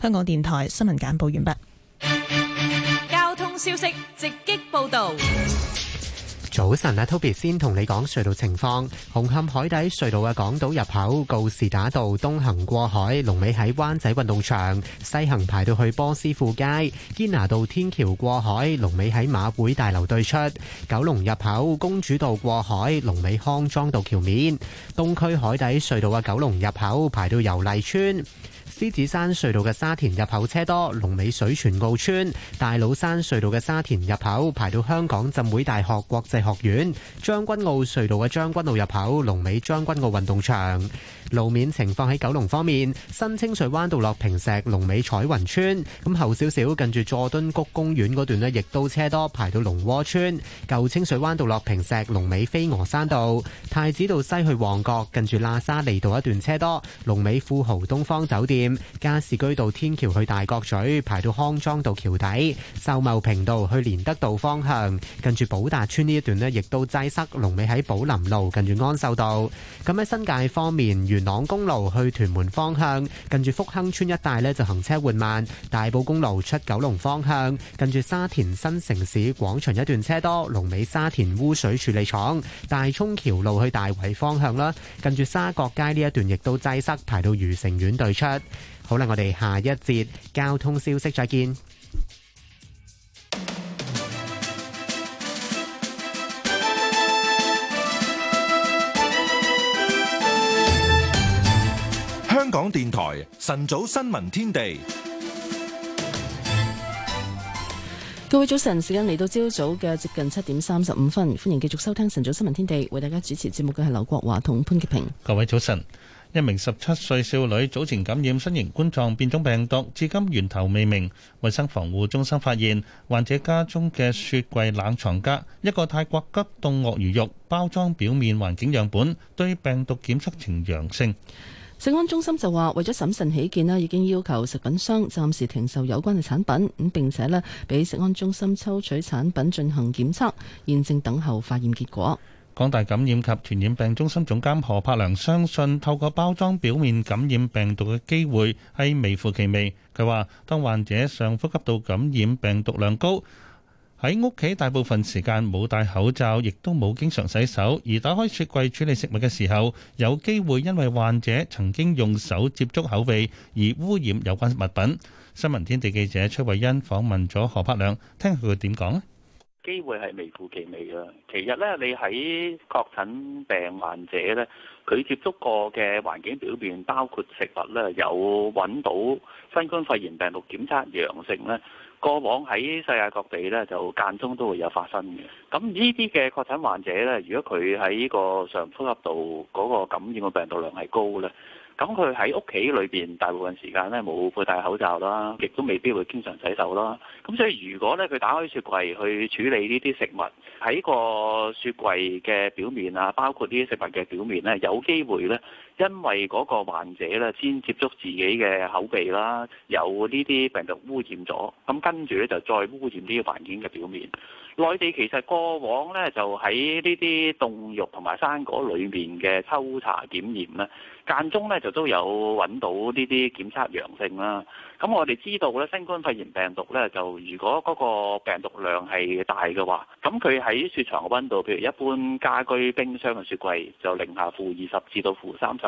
香港電台新聞簡報完畢。交通消息直擊報道。早晨啊，Toby 先同你講隧道情況。紅磡海底隧道嘅港島入口告士打道東行過海，龍尾喺灣仔運動場；西行排到去波斯富街堅拿道天橋過海，龍尾喺馬會大樓對出。九龍入口公主道過海，龍尾康莊道橋面。東區海底隧道嘅九龍入口排到油麗邨。獅子山隧道嘅沙田入口車多，龍尾水泉澳村；大老山隧道嘅沙田入口排到香港浸會大學國際學院；將軍澳隧道嘅將軍澳入口龍尾將軍澳運動場。路面情況喺九龍方面，新清水灣道落坪石龍尾彩雲村，咁後少少近住佐敦谷公園嗰段咧，亦都車多排到龍窩村；舊清水灣道落坪石龍尾飛鵝山道，太子道西去旺角近住喇沙利道一段車多，龍尾富豪東方酒店。加士居道天橋去大角咀，排到康莊道橋底；秀茂坪道去連德道方向，近住寶達村呢一段呢，亦都擠塞，龍尾喺寶林路，近住安秀道。咁喺新界方面，元朗公路去屯門方向，近住福亨村一帶呢就行車緩慢；大埔公路出九龍方向，近住沙田新城市廣場一段車多，龍尾沙田污水處理廠；大涌橋路去大圍方向啦，近住沙角街呢一段亦都擠塞，排到愉城苑對出。好啦，我哋下一節交通消息再見。香港電台晨早新聞天地，各位早晨，時間嚟到朝早嘅接近七點三十五分，歡迎繼續收聽晨早新聞天地，為大家主持節目嘅係劉國華同潘潔平。各位早晨。一名十七歲少女早前感染新型冠狀變種病毒，至今源頭未明。衛生防護中心發現，患者家中嘅雪櫃冷藏格，一個泰國急凍鱷魚肉包裝表面環境樣本，對病毒檢測呈陽性。食安中心就話，為咗審慎起見啦，已經要求食品商暫時停售有關嘅產品，咁並且咧，俾食安中心抽取產品進行檢測，現正等候化驗結果。港大感染及傳染病中心總監何柏良相信，透過包裝表面感染病毒嘅機會係微乎其微。佢話：當患者上呼吸道感染病毒量高，喺屋企大部分時間冇戴口罩，亦都冇經常洗手，而打開雪櫃處理食物嘅時候，有機會因為患者曾經用手接觸口鼻而污染有關物品。新聞天地記者崔慧欣訪問咗何柏良，聽佢點講咧？機會係微乎其微嘅。其實咧，你喺確診病患者咧，佢接觸過嘅環境表面，包括食物咧，有揾到新冠肺炎病毒檢測陽性咧。過往喺世界各地咧，就間中都會有發生嘅。咁呢啲嘅確診患者咧，如果佢喺呢個上呼吸道嗰個感染嘅病毒量係高咧。咁佢喺屋企裏邊大部分時間咧冇佩戴口罩啦，亦都未必會經常洗手啦。咁所以如果咧佢打開雪櫃去處理呢啲食物，喺個雪櫃嘅表面啊，包括呢啲食物嘅表面咧，有機會咧因為嗰個患者咧先接觸自己嘅口鼻啦，有呢啲病毒污染咗，咁跟住咧就再污染呢個環境嘅表面。內地其實過往咧，就喺呢啲凍肉同埋生果裏面嘅抽查檢驗咧，間中咧就都有揾到呢啲檢測陽性啦。咁我哋知道咧，新冠肺炎病毒咧，就如果嗰個病毒量係大嘅話，咁佢喺雪藏嘅温度，譬如一般家居冰箱嘅雪櫃，就零下負二十至到負三十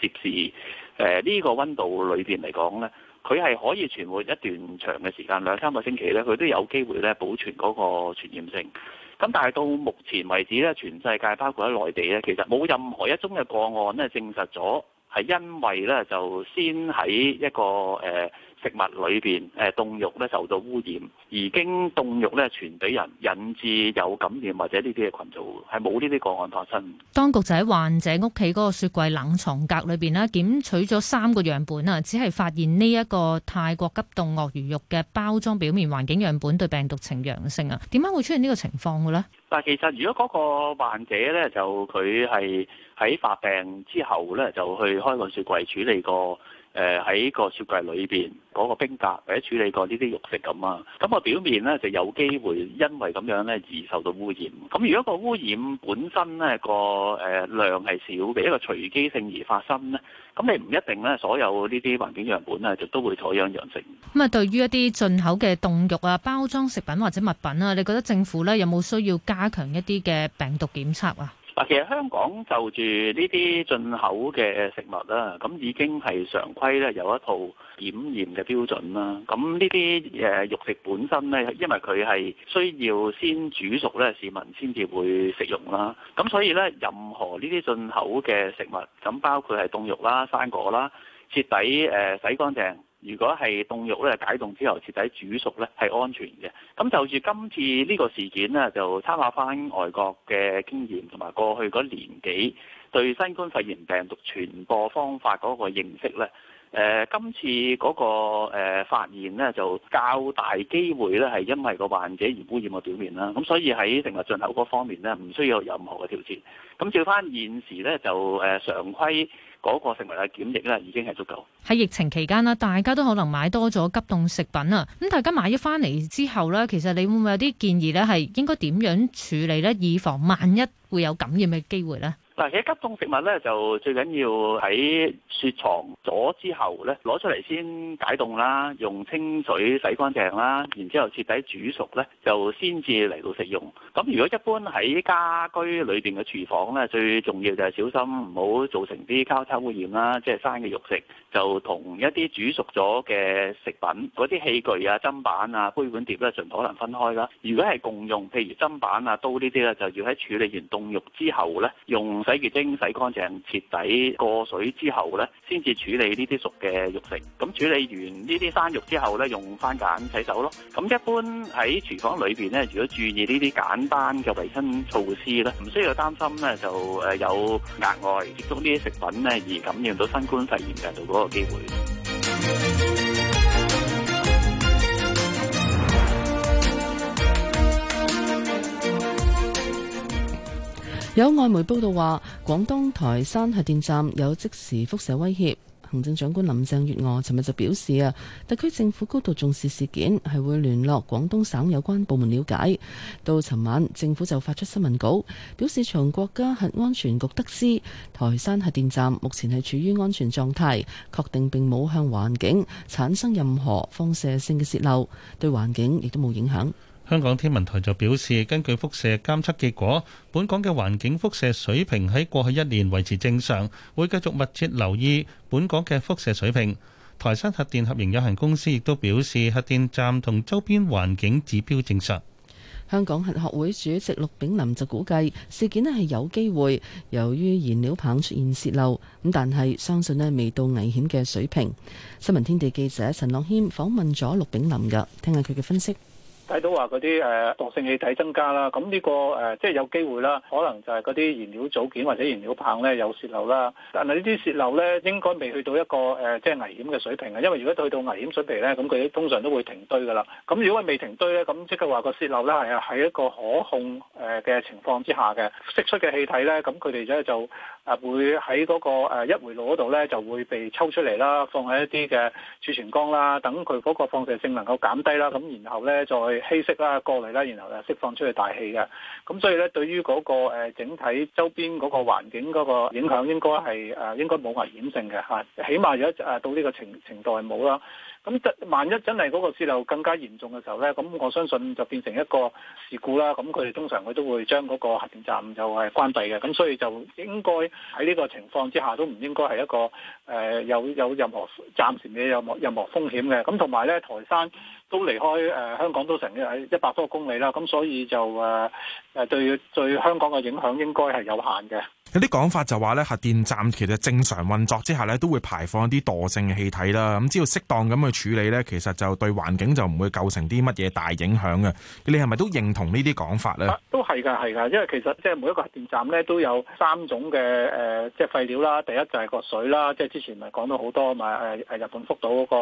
攝氏，誒、呃這個、呢個温度裏邊嚟講咧。佢係可以存活一段長嘅時間，兩三個星期咧，佢都有機會咧保存嗰個傳染性。咁但係到目前為止咧，全世界包括喺內地咧，其實冇任何一宗嘅個案咧，證實咗係因為咧就先喺一個誒，呃食物裏邊誒凍肉咧受到污染，而經凍肉咧傳俾人，引致有感染或者呢啲嘅群組，係冇呢啲個案發生。當局就喺患者屋企嗰個雪櫃冷藏格裏邊咧，檢取咗三個樣本啊，只係發現呢一個泰國急凍鱷魚肉嘅包裝表面環境樣本對病毒呈陽性啊！點解會出現呢個情況嘅咧？但係其實如果嗰個患者咧，就佢係喺發病之後咧，就去開個雪櫃處理過。誒喺個雪櫃裏邊嗰個冰格或者處理過呢啲肉食咁啊，咁、嗰個表面咧就有機會因為咁樣咧而受到污染。咁如果個污染本身咧個誒量係少嘅，一個隨機性而發生咧，咁你唔一定咧所有呢啲環境樣本啊就都會採樣陽性。咁啊、嗯，對於一啲進口嘅凍肉啊、包裝食品或者物品啊，你覺得政府咧有冇需要加強一啲嘅病毒檢測啊？嗱，其實香港就住呢啲進口嘅食物啦，咁已經係常規咧有一套檢驗嘅標準啦。咁呢啲誒肉食本身咧，因為佢係需要先煮熟咧，市民先至會食用啦。咁所以咧，任何呢啲進口嘅食物，咁包括係凍肉啦、生果啦，徹底誒洗乾淨。如果係凍肉咧，解凍之後徹底煮熟咧，係安全嘅。咁就住今次呢個事件呢，就參考翻外國嘅經驗同埋過去嗰年幾對新冠肺炎病毒傳播方法嗰個認識咧、呃。今次嗰、嗰個誒、呃、發現咧，就較大機會咧係因為個患者而污染嘅表面啦。咁所以喺食物進口嗰方面呢，唔需要任何嘅調節。咁照翻現時呢，就誒、呃、常規。嗰個成為嘅檢疫咧已經係足夠。喺疫情期間啦，大家都可能買多咗急凍食品啊。咁大家買咗返嚟之後咧，其實你會唔會有啲建議呢？係應該點樣處理呢？以防萬一會有感染嘅機會呢？嗱，急凍食物咧就最緊要喺雪藏咗之後咧攞出嚟先解凍啦，用清水洗乾淨啦，然之後徹底煮熟咧就先至嚟到食用。咁如果一般喺家居裏邊嘅廚房咧，最重要就係小心唔好造成啲交叉污染啦，即係生嘅肉食就同一啲煮熟咗嘅食品嗰啲器具啊、砧板啊、杯碗碟咧盡可能分開啦。如果係共用，譬如砧板啊、刀呢啲咧，就要喺處理完凍肉之後咧用。洗潔精洗乾淨、徹底過水之後咧，先至處理呢啲熟嘅肉食。咁處理完呢啲生肉之後咧，用番梘洗手咯。咁一般喺廚房裏邊咧，如果注意呢啲簡單嘅衞生措施咧，唔需要擔心咧就誒有額外接觸呢啲食品咧而感染到新冠肺炎嘅病毒嗰個機會。有外媒報道話，廣東台山核電站有即時輻射威脅。行政長官林鄭月娥尋日就表示啊，特區政府高度重視事件，係會聯絡廣東省有關部門了解。到尋晚，政府就發出新聞稿，表示從國家核安全局得知，台山核電站目前係處於安全狀態，確定並冇向環境產生任何放射性嘅泄漏，對環境亦都冇影響。香港天文台就表示，根據輻射監測結果，本港嘅環境輻射水平喺過去一年維持正常，會繼續密切留意本港嘅輻射水平。台山核電合營有限公司亦都表示，核電站同周邊環境指標正常。香港核學會主席陸炳林就估計，事件咧係有機會由於燃料棒出現洩漏，咁但係相信咧未到危險嘅水平。新聞天地記者陳樂軒訪問咗陸炳林嘅，聽下佢嘅分析。睇到話嗰啲誒惰性氣體增加啦，咁呢個誒即係有機會啦，可能就係嗰啲燃料組件或者燃料棒咧有泄漏啦。但係呢啲泄漏咧應該未去到一個誒即係危險嘅水平嘅，因為如果去到危險水平咧，咁佢通常都會停堆噶啦。咁如果未停堆咧，咁即係話個泄漏咧係喺一個可控誒嘅情況之下嘅，釋出嘅氣體咧，咁佢哋咧就啊會喺嗰個誒一回路嗰度咧就會被抽出嚟啦，放喺一啲嘅儲存缸啦，等佢嗰個放射性能夠減低啦，咁然後咧再。氣 息，息啦，過嚟啦，然後咧釋放出去大氣嘅，咁所以咧對於嗰、那個、呃、整體周邊嗰個環境嗰個影響應該係誒應該冇危險性嘅嚇、啊，起碼有一誒到呢個程程度係冇啦。咁、呃、萬一真係嗰個泄漏更加嚴重嘅時候咧，咁我相信就變成一個事故啦。咁佢哋通常佢都會將嗰個核電站就係關閉嘅，咁所以就應該喺呢個情況之下都唔應該係一個誒、呃、有有任何暫時嘅有冇任，任何風險嘅。咁同埋咧台山。都離開誒香港都成誒一百多公里啦，咁所以就誒誒對對香港嘅影響應該係有限嘅。有啲講法就話咧，核電站其實正常運作之下咧，都會排放一啲惰性嘅氣體啦。咁只要適當咁去處理咧，其實就對環境就唔會構成啲乜嘢大影響嘅。你係咪都認同呢啲講法咧？都係㗎，係㗎，因為其實即係每一個核電站咧都有三種嘅誒，即係廢料啦，第一就係個水啦，即係之前咪講到好多嘛誒誒日本福島嗰個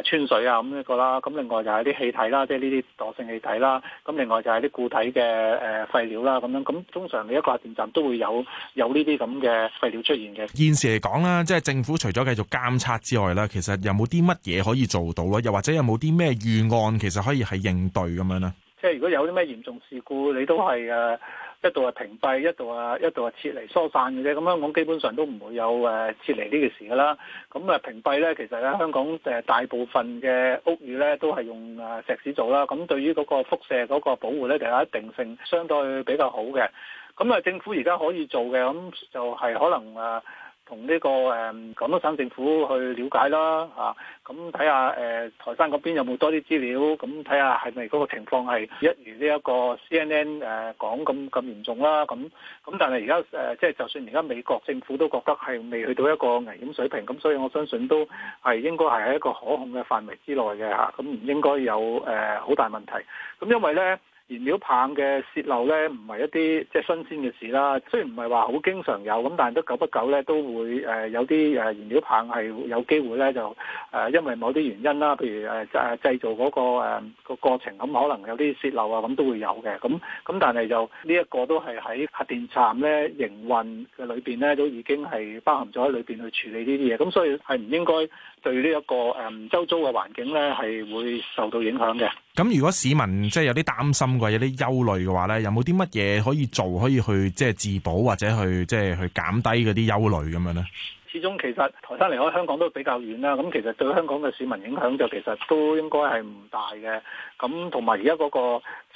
誒穿水啊咁一個啦，咁另外就。就係啲氣體啦，即係呢啲惰性氣體啦。咁另外就係啲固體嘅誒廢料啦。咁樣咁，通常你一個電站都會有有呢啲咁嘅廢料出現嘅。現時嚟講啦，即係政府除咗繼續監察之外啦，其實有冇啲乜嘢可以做到囉？又或者有冇啲咩預案其實可以係應對咁樣咧？即係如果有啲咩嚴重事故，你都係誒。呃一度係屏蔽，一度啊一度係撤離疏散嘅啫。咁香港基本上都唔會有誒撤離呢件事噶啦。咁啊屏蔽咧，其實咧香港誒大部分嘅屋宇咧都係用啊石屎做啦。咁對於嗰個輻射嗰個保護咧，其實一定性，相對比較好嘅。咁啊，政府而家可以做嘅，咁就係可能啊。呃同呢個誒廣東省政府去了解啦嚇，咁睇下誒台山嗰邊有冇多啲資料，咁睇下係咪嗰個情況係一如呢一個 C N N 誒講咁咁嚴重啦，咁、啊、咁但係而家誒即係就算而家美國政府都覺得係未去到一個危險水平，咁所以我相信都係應該係喺一個可控嘅範圍之內嘅嚇，咁、啊、唔應該有誒好、呃、大問題，咁因為咧。燃料棒嘅泄漏咧，唔係一啲即係新鮮嘅事啦。雖然唔係話好經常有咁，但係都久不久咧，都會誒、呃、有啲誒燃料棒係有機會咧，就誒、呃、因為某啲原因啦，譬如誒誒製造嗰、那個誒個、呃、過程，咁、嗯、可能有啲泄漏啊，咁、嗯、都會有嘅。咁、嗯、咁但係就呢一、這個都係喺核電站咧營運嘅裏邊咧，都已經係包含咗喺裏邊去處理呢啲嘢。咁、嗯、所以係唔應該對呢、這、一個唔、呃、周遭嘅環境咧係會受到影響嘅。咁如果市民即係有啲擔心嘅話，有啲憂慮嘅話咧，有冇啲乜嘢可以做，可以去即係自保或者去即係去減低嗰啲憂慮咁樣咧？始終其實台山離開香港都比較遠啦。咁其實對香港嘅市民影響就其實都應該係唔大嘅。咁同埋而家嗰個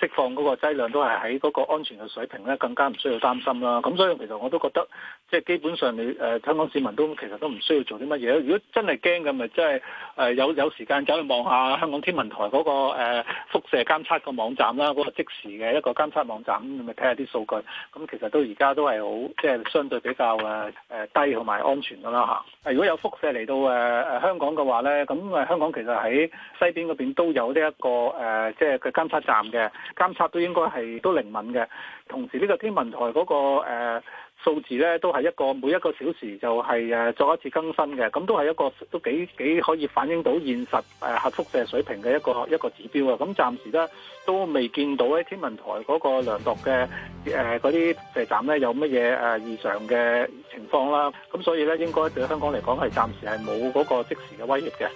釋放嗰個劑量都係喺嗰個安全嘅水平咧，更加唔需要擔心啦。咁所以其實我都覺得，即係基本上你誒香港市民都其實都唔需要做啲乜嘢。如果真係驚嘅，咪即係誒有有時間走去望下香港天文台嗰個誒輻射監測嘅網站啦，嗰個即時嘅一個監測網站咁，咪睇下啲數據。咁其實都而家都係好即係相對比較誒誒低同埋安全。咁啦嚇，誒如果有輻射嚟到誒誒、呃、香港嘅話咧，咁、嗯、誒香港其實喺西邊嗰邊都有呢一個誒，即係佢監測站嘅監測都應該係都靈敏嘅，同時呢個天文台嗰、那個、呃數字咧都係一個每一個小時就係誒作一次更新嘅，咁都係一個都幾幾可以反映到現實誒核輻射水平嘅一個一個指標啊。咁暫時咧都未見到喺天文台嗰個量度嘅誒嗰啲射站咧有乜嘢誒異常嘅情況啦。咁所以咧應該對香港嚟講係暫時係冇嗰個即時嘅威脅嘅。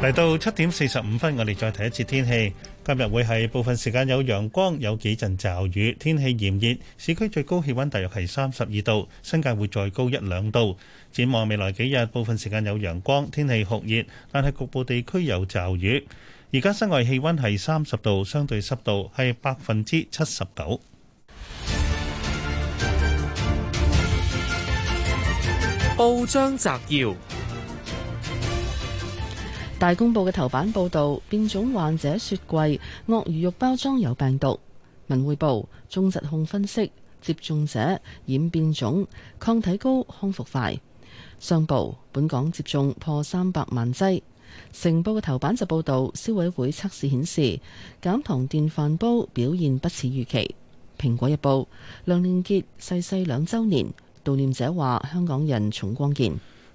嚟到七點四十五分，我哋再睇一次天氣。今日會係部分時間有陽光，有幾陣驟雨，天氣炎熱，市區最高氣溫大約係三十二度，新界會再高一兩度。展望未來幾日，部分時間有陽光，天氣酷熱，但係局部地區有驟雨。而家室外氣溫係三十度，相對濕度係百分之七十九。報章摘要。大公報嘅頭版報導，變種患者雪櫃鱷魚肉包裝有病毒。文匯報，中疾控分析接種者染變種抗體高康復快。商報，本港接種破三百萬劑。成報嘅頭版就報導，消委會測試顯示減糖電飯煲表現不似預期。蘋果日報，梁連傑逝世兩週年悼念者話香港人重光健。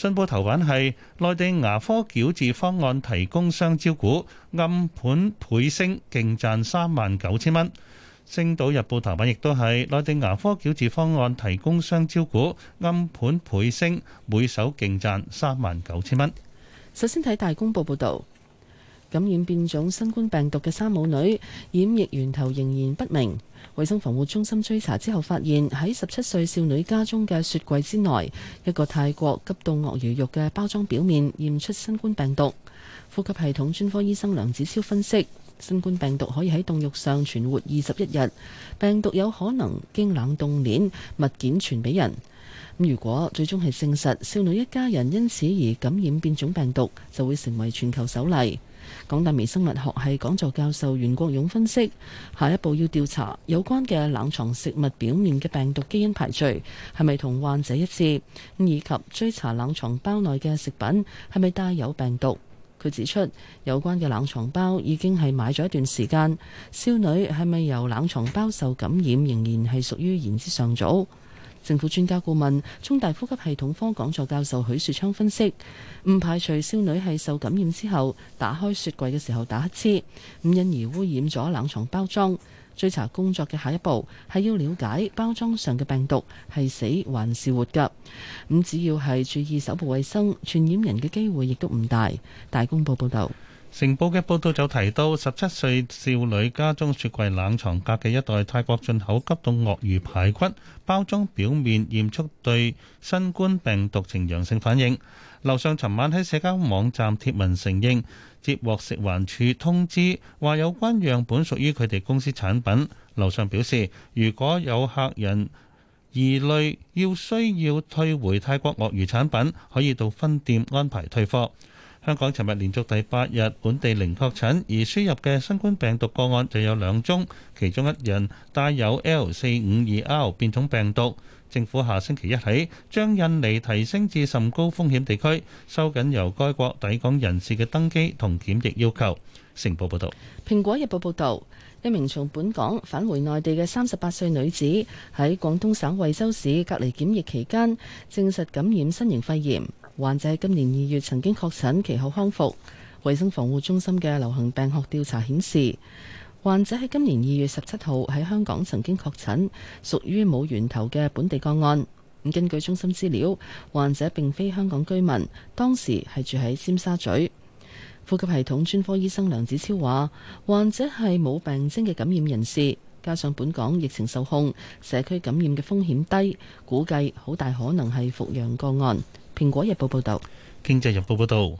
信報頭版係內地牙科矯治方案提供商招股暗盤倍升，勁賺三萬九千蚊。星島日報頭版亦都係內地牙科矯治方案提供商招股暗盤倍升，每手勁賺三萬九千蚊。首先睇大公報報道，感染變種新冠病毒嘅三母女，染疫源頭仍然不明。衛生防護中心追查之後，發現喺十七歲少女家中嘅雪櫃之內，一個泰國急凍鱷魚肉嘅包裝表面驗出新冠病毒。呼吸系統專科醫生梁子超分析，新冠病毒可以喺凍肉上存活二十一日，病毒有可能經冷凍鏈物件傳俾人。如果最終係證實少女一家人因此而感染變種病毒，就會成為全球首例。港大微生物學系講座教授袁國勇分析，下一步要調查有關嘅冷藏食物表面嘅病毒基因排序係咪同患者一致，以及追查冷藏包內嘅食品係咪帶有病毒。佢指出，有關嘅冷藏包已經係買咗一段時間，少女係咪由冷藏包受感染，仍然係屬於言之尚早。政府專家顧問、中大呼吸系統科講座教授許樹昌分析，唔排除少女係受感染之後，打開雪櫃嘅時候打乞嗤，咁因而污染咗冷藏包裝。追查工作嘅下一步係要了解包裝上嘅病毒係死還是活㗎。咁只要係注意手部衛生，傳染人嘅機會亦都唔大。大公報報導。成報嘅報道就提到，十七歲少女家中雪櫃冷藏格嘅一袋泰國進口急凍鱷魚排骨，包裝表面驗出對新冠病毒呈陽性反應。樓上尋晚喺社交網站貼文承認，接獲食環署通知，話有關樣本屬於佢哋公司產品。樓上表示，如果有客人疑慮要需要退回泰國鱷魚產品，可以到分店安排退貨。香港尋日連續第八日本地零確診，而輸入嘅新冠病毒個案就有兩宗，其中一人帶有 L 四五二 R 變種病毒。政府下星期一起將印尼提升至甚高風險地區，收緊由該國抵港人士嘅登機同檢疫要求。成報報導，蘋果日報報道：一名從本港返回內地嘅三十八歲女子喺廣東省惠州市隔離檢疫期間，證實感染新型肺炎。患者今年二月曾經確診，其後康復。衛生防護中心嘅流行病學調查顯示，患者喺今年二月十七號喺香港曾經確診，屬於冇源頭嘅本地個案。咁根據中心資料，患者並非香港居民，當時係住喺尖沙咀。呼吸系統專科醫生梁子超話，患者係冇病徵嘅感染人士，加上本港疫情受控，社區感染嘅風險低，估計好大可能係復陽個案。《蘋果日報》報導，《經濟日報》報導，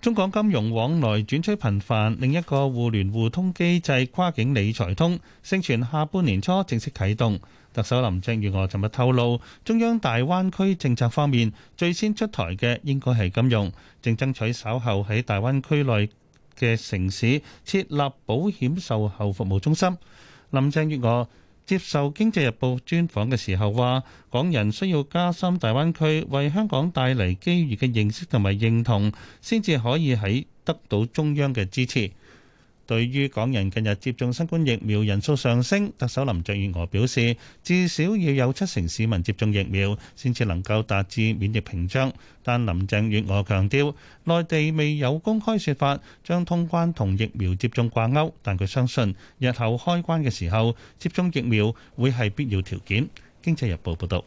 中港金融往來轉趨頻繁。另一個互聯互通機制——跨境理財通，盛傳下半年初正式啟動。特首林鄭月娥尋日透露，中央大灣區政策方面，最先出台嘅應該係金融，正爭取稍後喺大灣區內嘅城市設立保險售後服務中心。林鄭月娥接受《經濟日報》專訪嘅時候話，港人需要加深大灣區為香港帶嚟機遇嘅認識同埋認同，先至可以喺得到中央嘅支持。對於港人近日接種新冠疫苗人數上升，特首林鄭月娥表示，至少要有七成市民接種疫苗，先至能夠達至免疫屏障。但林鄭月娥強調，內地未有公開說法將通關同疫苗接種掛鈎，但佢相信，日後開關嘅時候，接種疫苗會係必要條件。經濟日報報道。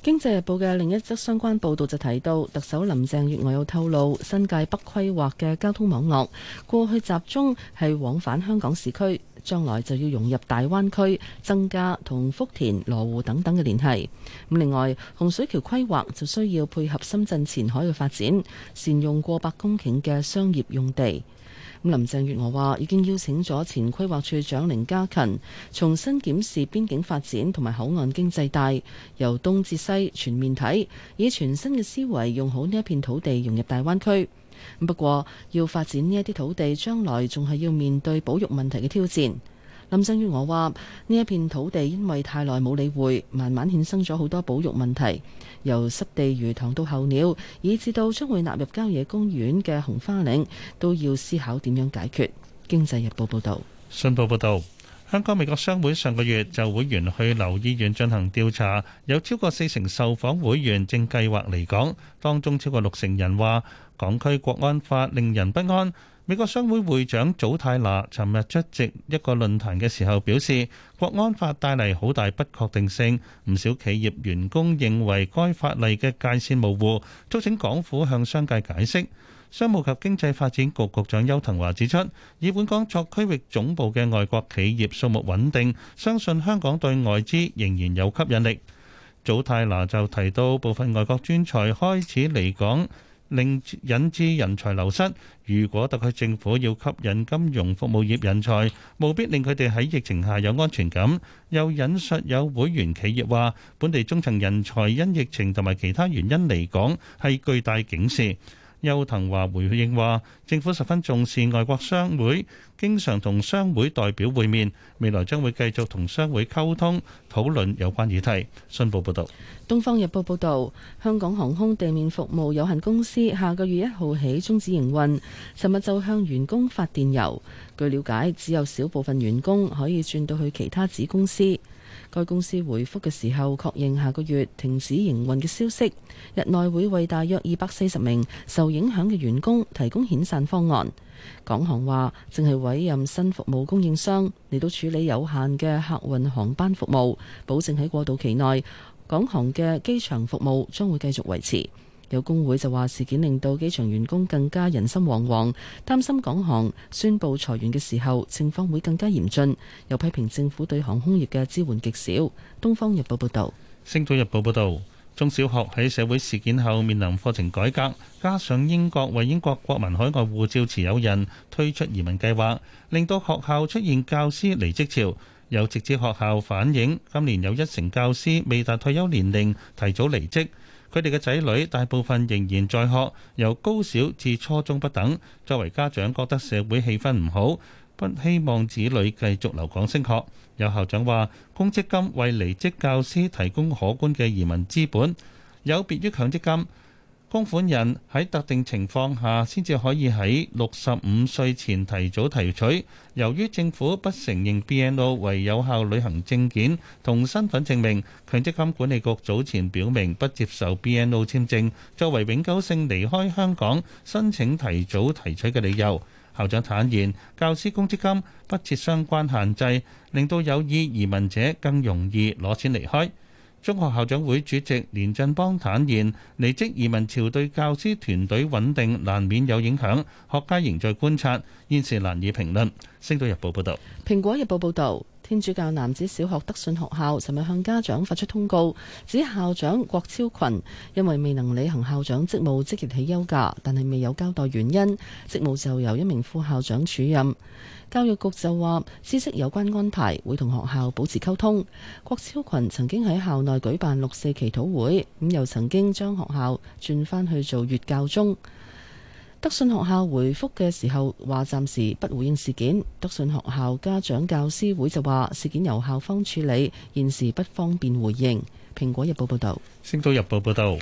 《經濟日報》嘅另一則相關報導就提到，特首林鄭月娥有透露，新界北規劃嘅交通網絡過去集中係往返香港市區，將來就要融入大灣區，增加同福田、羅湖等等嘅聯繫。咁另外，洪水橋規劃就需要配合深圳前海嘅發展，善用過百公頃嘅商業用地。林鄭月娥話：已經邀請咗前規劃處長凌家勤重新檢視邊境發展同埋口岸經濟帶，由東至西全面睇，以全新嘅思維用好呢一片土地融入大灣區。不過，要發展呢一啲土地，將來仲係要面對保育問題嘅挑戰。林生於我話：呢一片土地因為太耐冇理會，慢慢衍生咗好多保育問題，由濕地魚塘到候鳥，以至到將會納入郊野公園嘅紅花嶺，都要思考點樣解決。經濟日報報導，信報報導，香港美國商會上個月就會員去留意願進行調查，有超過四成受訪會員正計劃離港，當中超過六成人話，港區國安法令人不安。美國商會會長祖泰拿尋日出席一個論壇嘅時候表示，國安法帶嚟好大不確定性，唔少企業員工認為該法例嘅界線模糊，促請港府向商界解釋。商務及經濟發展局局長邱騰華指出，以本港作區域總部嘅外國企業數目穩定，相信香港對外資仍然有吸引力。祖泰拿就提到，部分外國專才開始離港。令引致人才流失。如果特區政府要吸引金融服務業人才，務必令佢哋喺疫情下有安全感。又引述有會員企業話，本地中層人才因疫情同埋其他原因離港，係巨大警示。邱騰華回應話，政府十分重視外國商會，經常同商會代表會面，未來將會繼續同商會溝通討論有關議題。信報報道，東方日報報道，香港航空地面服務有限公司下個月一號起終止營運，尋日就向員工發電郵。據了解，只有少部分員工可以轉到去其他子公司。該公司回覆嘅時候，確認下個月停止營運嘅消息，日內會為大約二百四十名受影響嘅員工提供遣散方案。港航話，正係委任新服務供應商嚟到處理有限嘅客運航班服務，保證喺過渡期內，港航嘅機場服務將會繼續維持。有工會就話，事件令到機場員工更加人心惶惶，擔心港航宣布裁員嘅時候，情況會更加嚴峻。又批評政府對航空業嘅支援極少。《東方日報》報道，《星島日報》報道，中小學喺社會事件後面臨課程改革，加上英國為英國國民海外護照持有人推出移民計劃，令到學校出現教師離職潮。又直接學校反映，今年有一成教師未達退休年齡提早離職。佢哋嘅仔女大部分仍然在學，由高小至初中不等。作為家長，覺得社會氣氛唔好，不希望子女繼續留港升學，有校長話公積金為離職教師提供可觀嘅移民資本，有別於強積金。供款人喺特定情況下先至可以喺六十五歲前提早提取。由於政府不承認 BNO 為有效旅行證件同身份證明，強積金管理局早前表明不接受 BNO 簽證作為永久性離開香港申請提早提取嘅理由。校長坦言，教師公積金不設相關限制，令到有意移民者更容易攞錢離開。中學校長會主席連振邦坦言，離職移民潮對教師團隊穩定難免有影響，學家仍在觀察，現時難以評論。星島日報報道。蘋果日報報導。天主教男子小學德信學校尋日向家長發出通告，指校長郭超群因為未能履行校長職務，即日起休假，但係未有交代原因，職務就由一名副校長署任。教育局就話，知悉有關安排，會同學校保持溝通。郭超群曾經喺校內舉辦六四祈禱會，咁又曾經將學校轉翻去做粵教中。德信學校回覆嘅時候話暫時不回應事件。德信學校家長教師會就話事件由校方處理，現時不方便回應。蘋果日報報道，星島日報報道，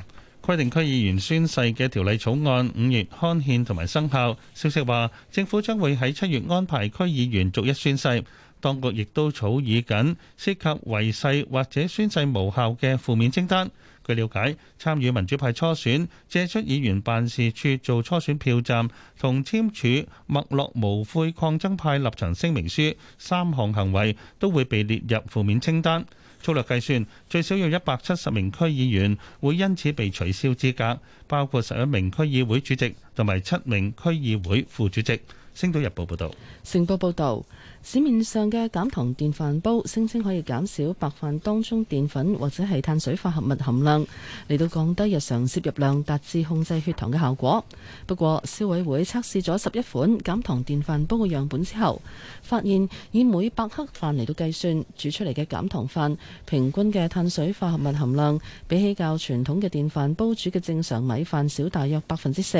規定區議員宣誓嘅條例草案五月刊憲同埋生效。消息話政府將會喺七月安排區議員逐一宣誓。當局亦都草擬緊涉及違誓或者宣誓無效嘅負面清單。據了解，參與民主派初選、借出議員辦事處做初選票站同簽署《墨落無悔抗爭派立場聲明書》三項行為都會被列入負面清單。粗略計算，最少有一百七十名區議員會因此被取消資格，包括十一名區議會主席同埋七名區議會副主席。星島日報報道。成報報導。市面上嘅減糖電飯煲聲稱可以減少白飯當中澱粉或者係碳水化合物含量，嚟到降低日常攝入量，達至控制血糖嘅效果。不過消委會測試咗十一款減糖電飯煲嘅樣本之後，發現以每百克飯嚟到計算，煮出嚟嘅減糖飯平均嘅碳水化合物含量，比起較傳統嘅電飯煲煮嘅正常米飯少大約百分之四。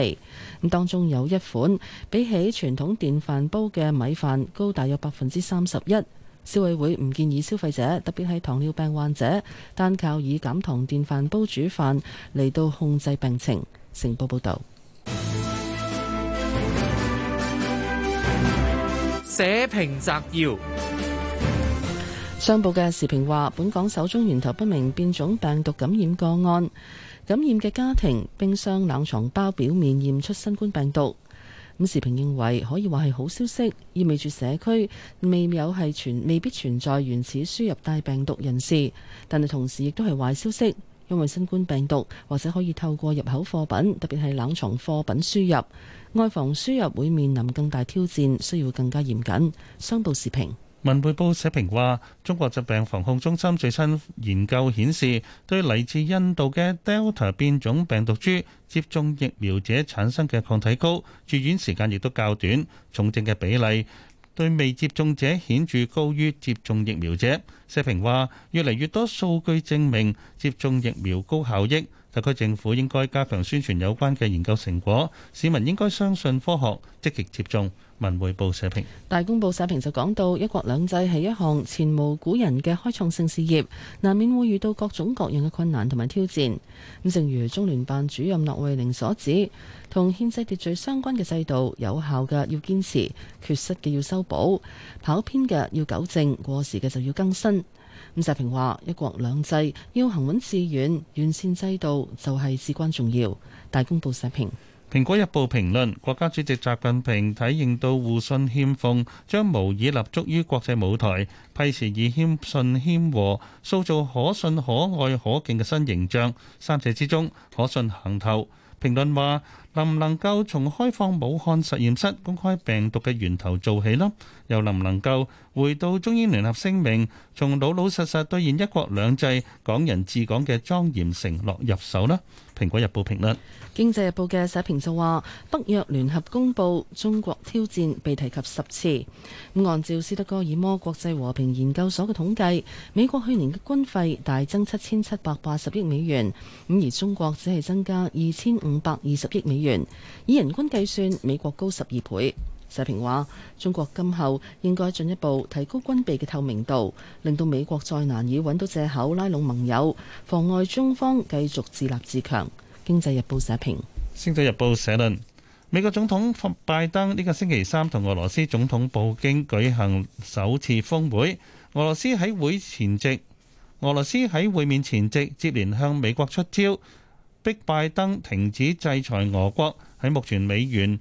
當中有一款比起傳統電飯煲嘅米飯高大約百。百分之三十一，消委會唔建議消費者，特別係糖尿病患者，單靠以減糖電飯煲煮，煮飯嚟到控制病情。成報報道，社評摘要，商報嘅時評話，本港首宗源頭不明變種病毒感染個案，感染嘅家庭冰箱冷藏包表面驗出新冠病毒。咁時評認為可以話係好消息，意味住社區未有係存未必存在原始輸入帶病毒人士，但係同時亦都係壞消息，因為新冠病毒或者可以透過入口貨品，特別係冷藏貨品輸入，外防輸入會面臨更大挑戰，需要更加嚴謹。商報時評。文匯報社評話：中國疾病防控中心最新研究顯示，對嚟自印度嘅 Delta 變種病毒株，接種疫苗者產生嘅抗體高，住院時間亦都較短，重症嘅比例對未接種者顯著高於接種疫苗者。社評話：越嚟越多數據證明接種疫苗高效益，特區政府應該加強宣傳有關嘅研究成果，市民應該相信科學，積極接種。文匯報社評，大公報社評就講到一國兩制係一項前無古人嘅開創性事業，難免會遇到各種各樣嘅困難同埋挑戰。咁正如中聯辦主任駱惠寧所指，同憲制秩序相關嘅制度，有效嘅要堅持，缺失嘅要修補，跑偏嘅要糾正，過時嘅就要更新。咁社評話，一國兩制要行穩致遠，完善制度就係至關重要。大公報社評。《蘋果日報》評論：國家主席習近平體認到互信欠奉將無以立足於國際舞台，批示以謙信謙和塑造可信、可愛、可敬嘅新形象。三者之中，可信行頭。評論話：能唔能夠從開放武漢實驗室、公開病毒嘅源頭做起呢？又能唔能夠回到中英聯合聲明，從老老實實兌現一國兩制、港人治港嘅莊嚴承諾入手呢？」《蘋果日報》評論，《經濟日報》嘅社評就話：北約聯合公佈中國挑戰被提及十次。按照斯德哥爾摩國際和平研究所嘅統計，美國去年嘅軍費大增七千七百八十億美元，咁而中國只係增加二千五百二十億美元，以人均計算，美國高十二倍。社評話：中國今後應該進一步提高軍備嘅透明度，令到美國再難以揾到藉口拉攏盟友，妨礙中方繼續自立自強。經濟日報社評。星島日報社論：美國總統拜登呢個星期三同俄羅斯總統普京舉行首次峰會，俄羅斯喺會前夕，俄羅斯喺會面前夕接連向美國出招，逼拜登停止制裁俄國。喺目前美元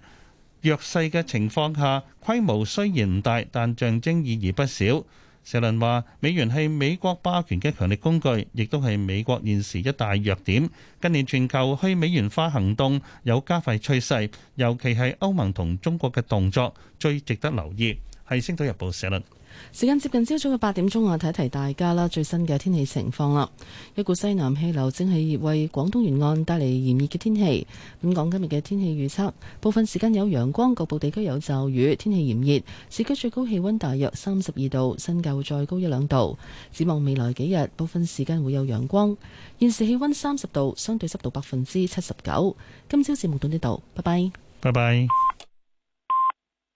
弱勢嘅情況下，規模雖然唔大，但象徵意義不少。社論話：美元係美國霸權嘅強力工具，亦都係美國現時一大弱點。近年全球去美元化行動有加快趨勢，尤其係歐盟同中國嘅動作最值得留意。係《星島日報》社論。時間接近朝早嘅八點鐘啊，提一提大家啦，最新嘅天氣情況啦。一股西南氣流正係熱為廣東沿岸帶嚟炎熱嘅天氣。本、嗯、港今日嘅天氣預測，部分時間有陽光，局部地區有驟雨，天氣炎熱，市區最高氣溫大約三十二度，新界再高一兩度。展望未來幾日，部分時間會有陽光。現時氣溫三十度，相對濕度百分之七十九。今朝節目到呢度，拜拜。拜拜。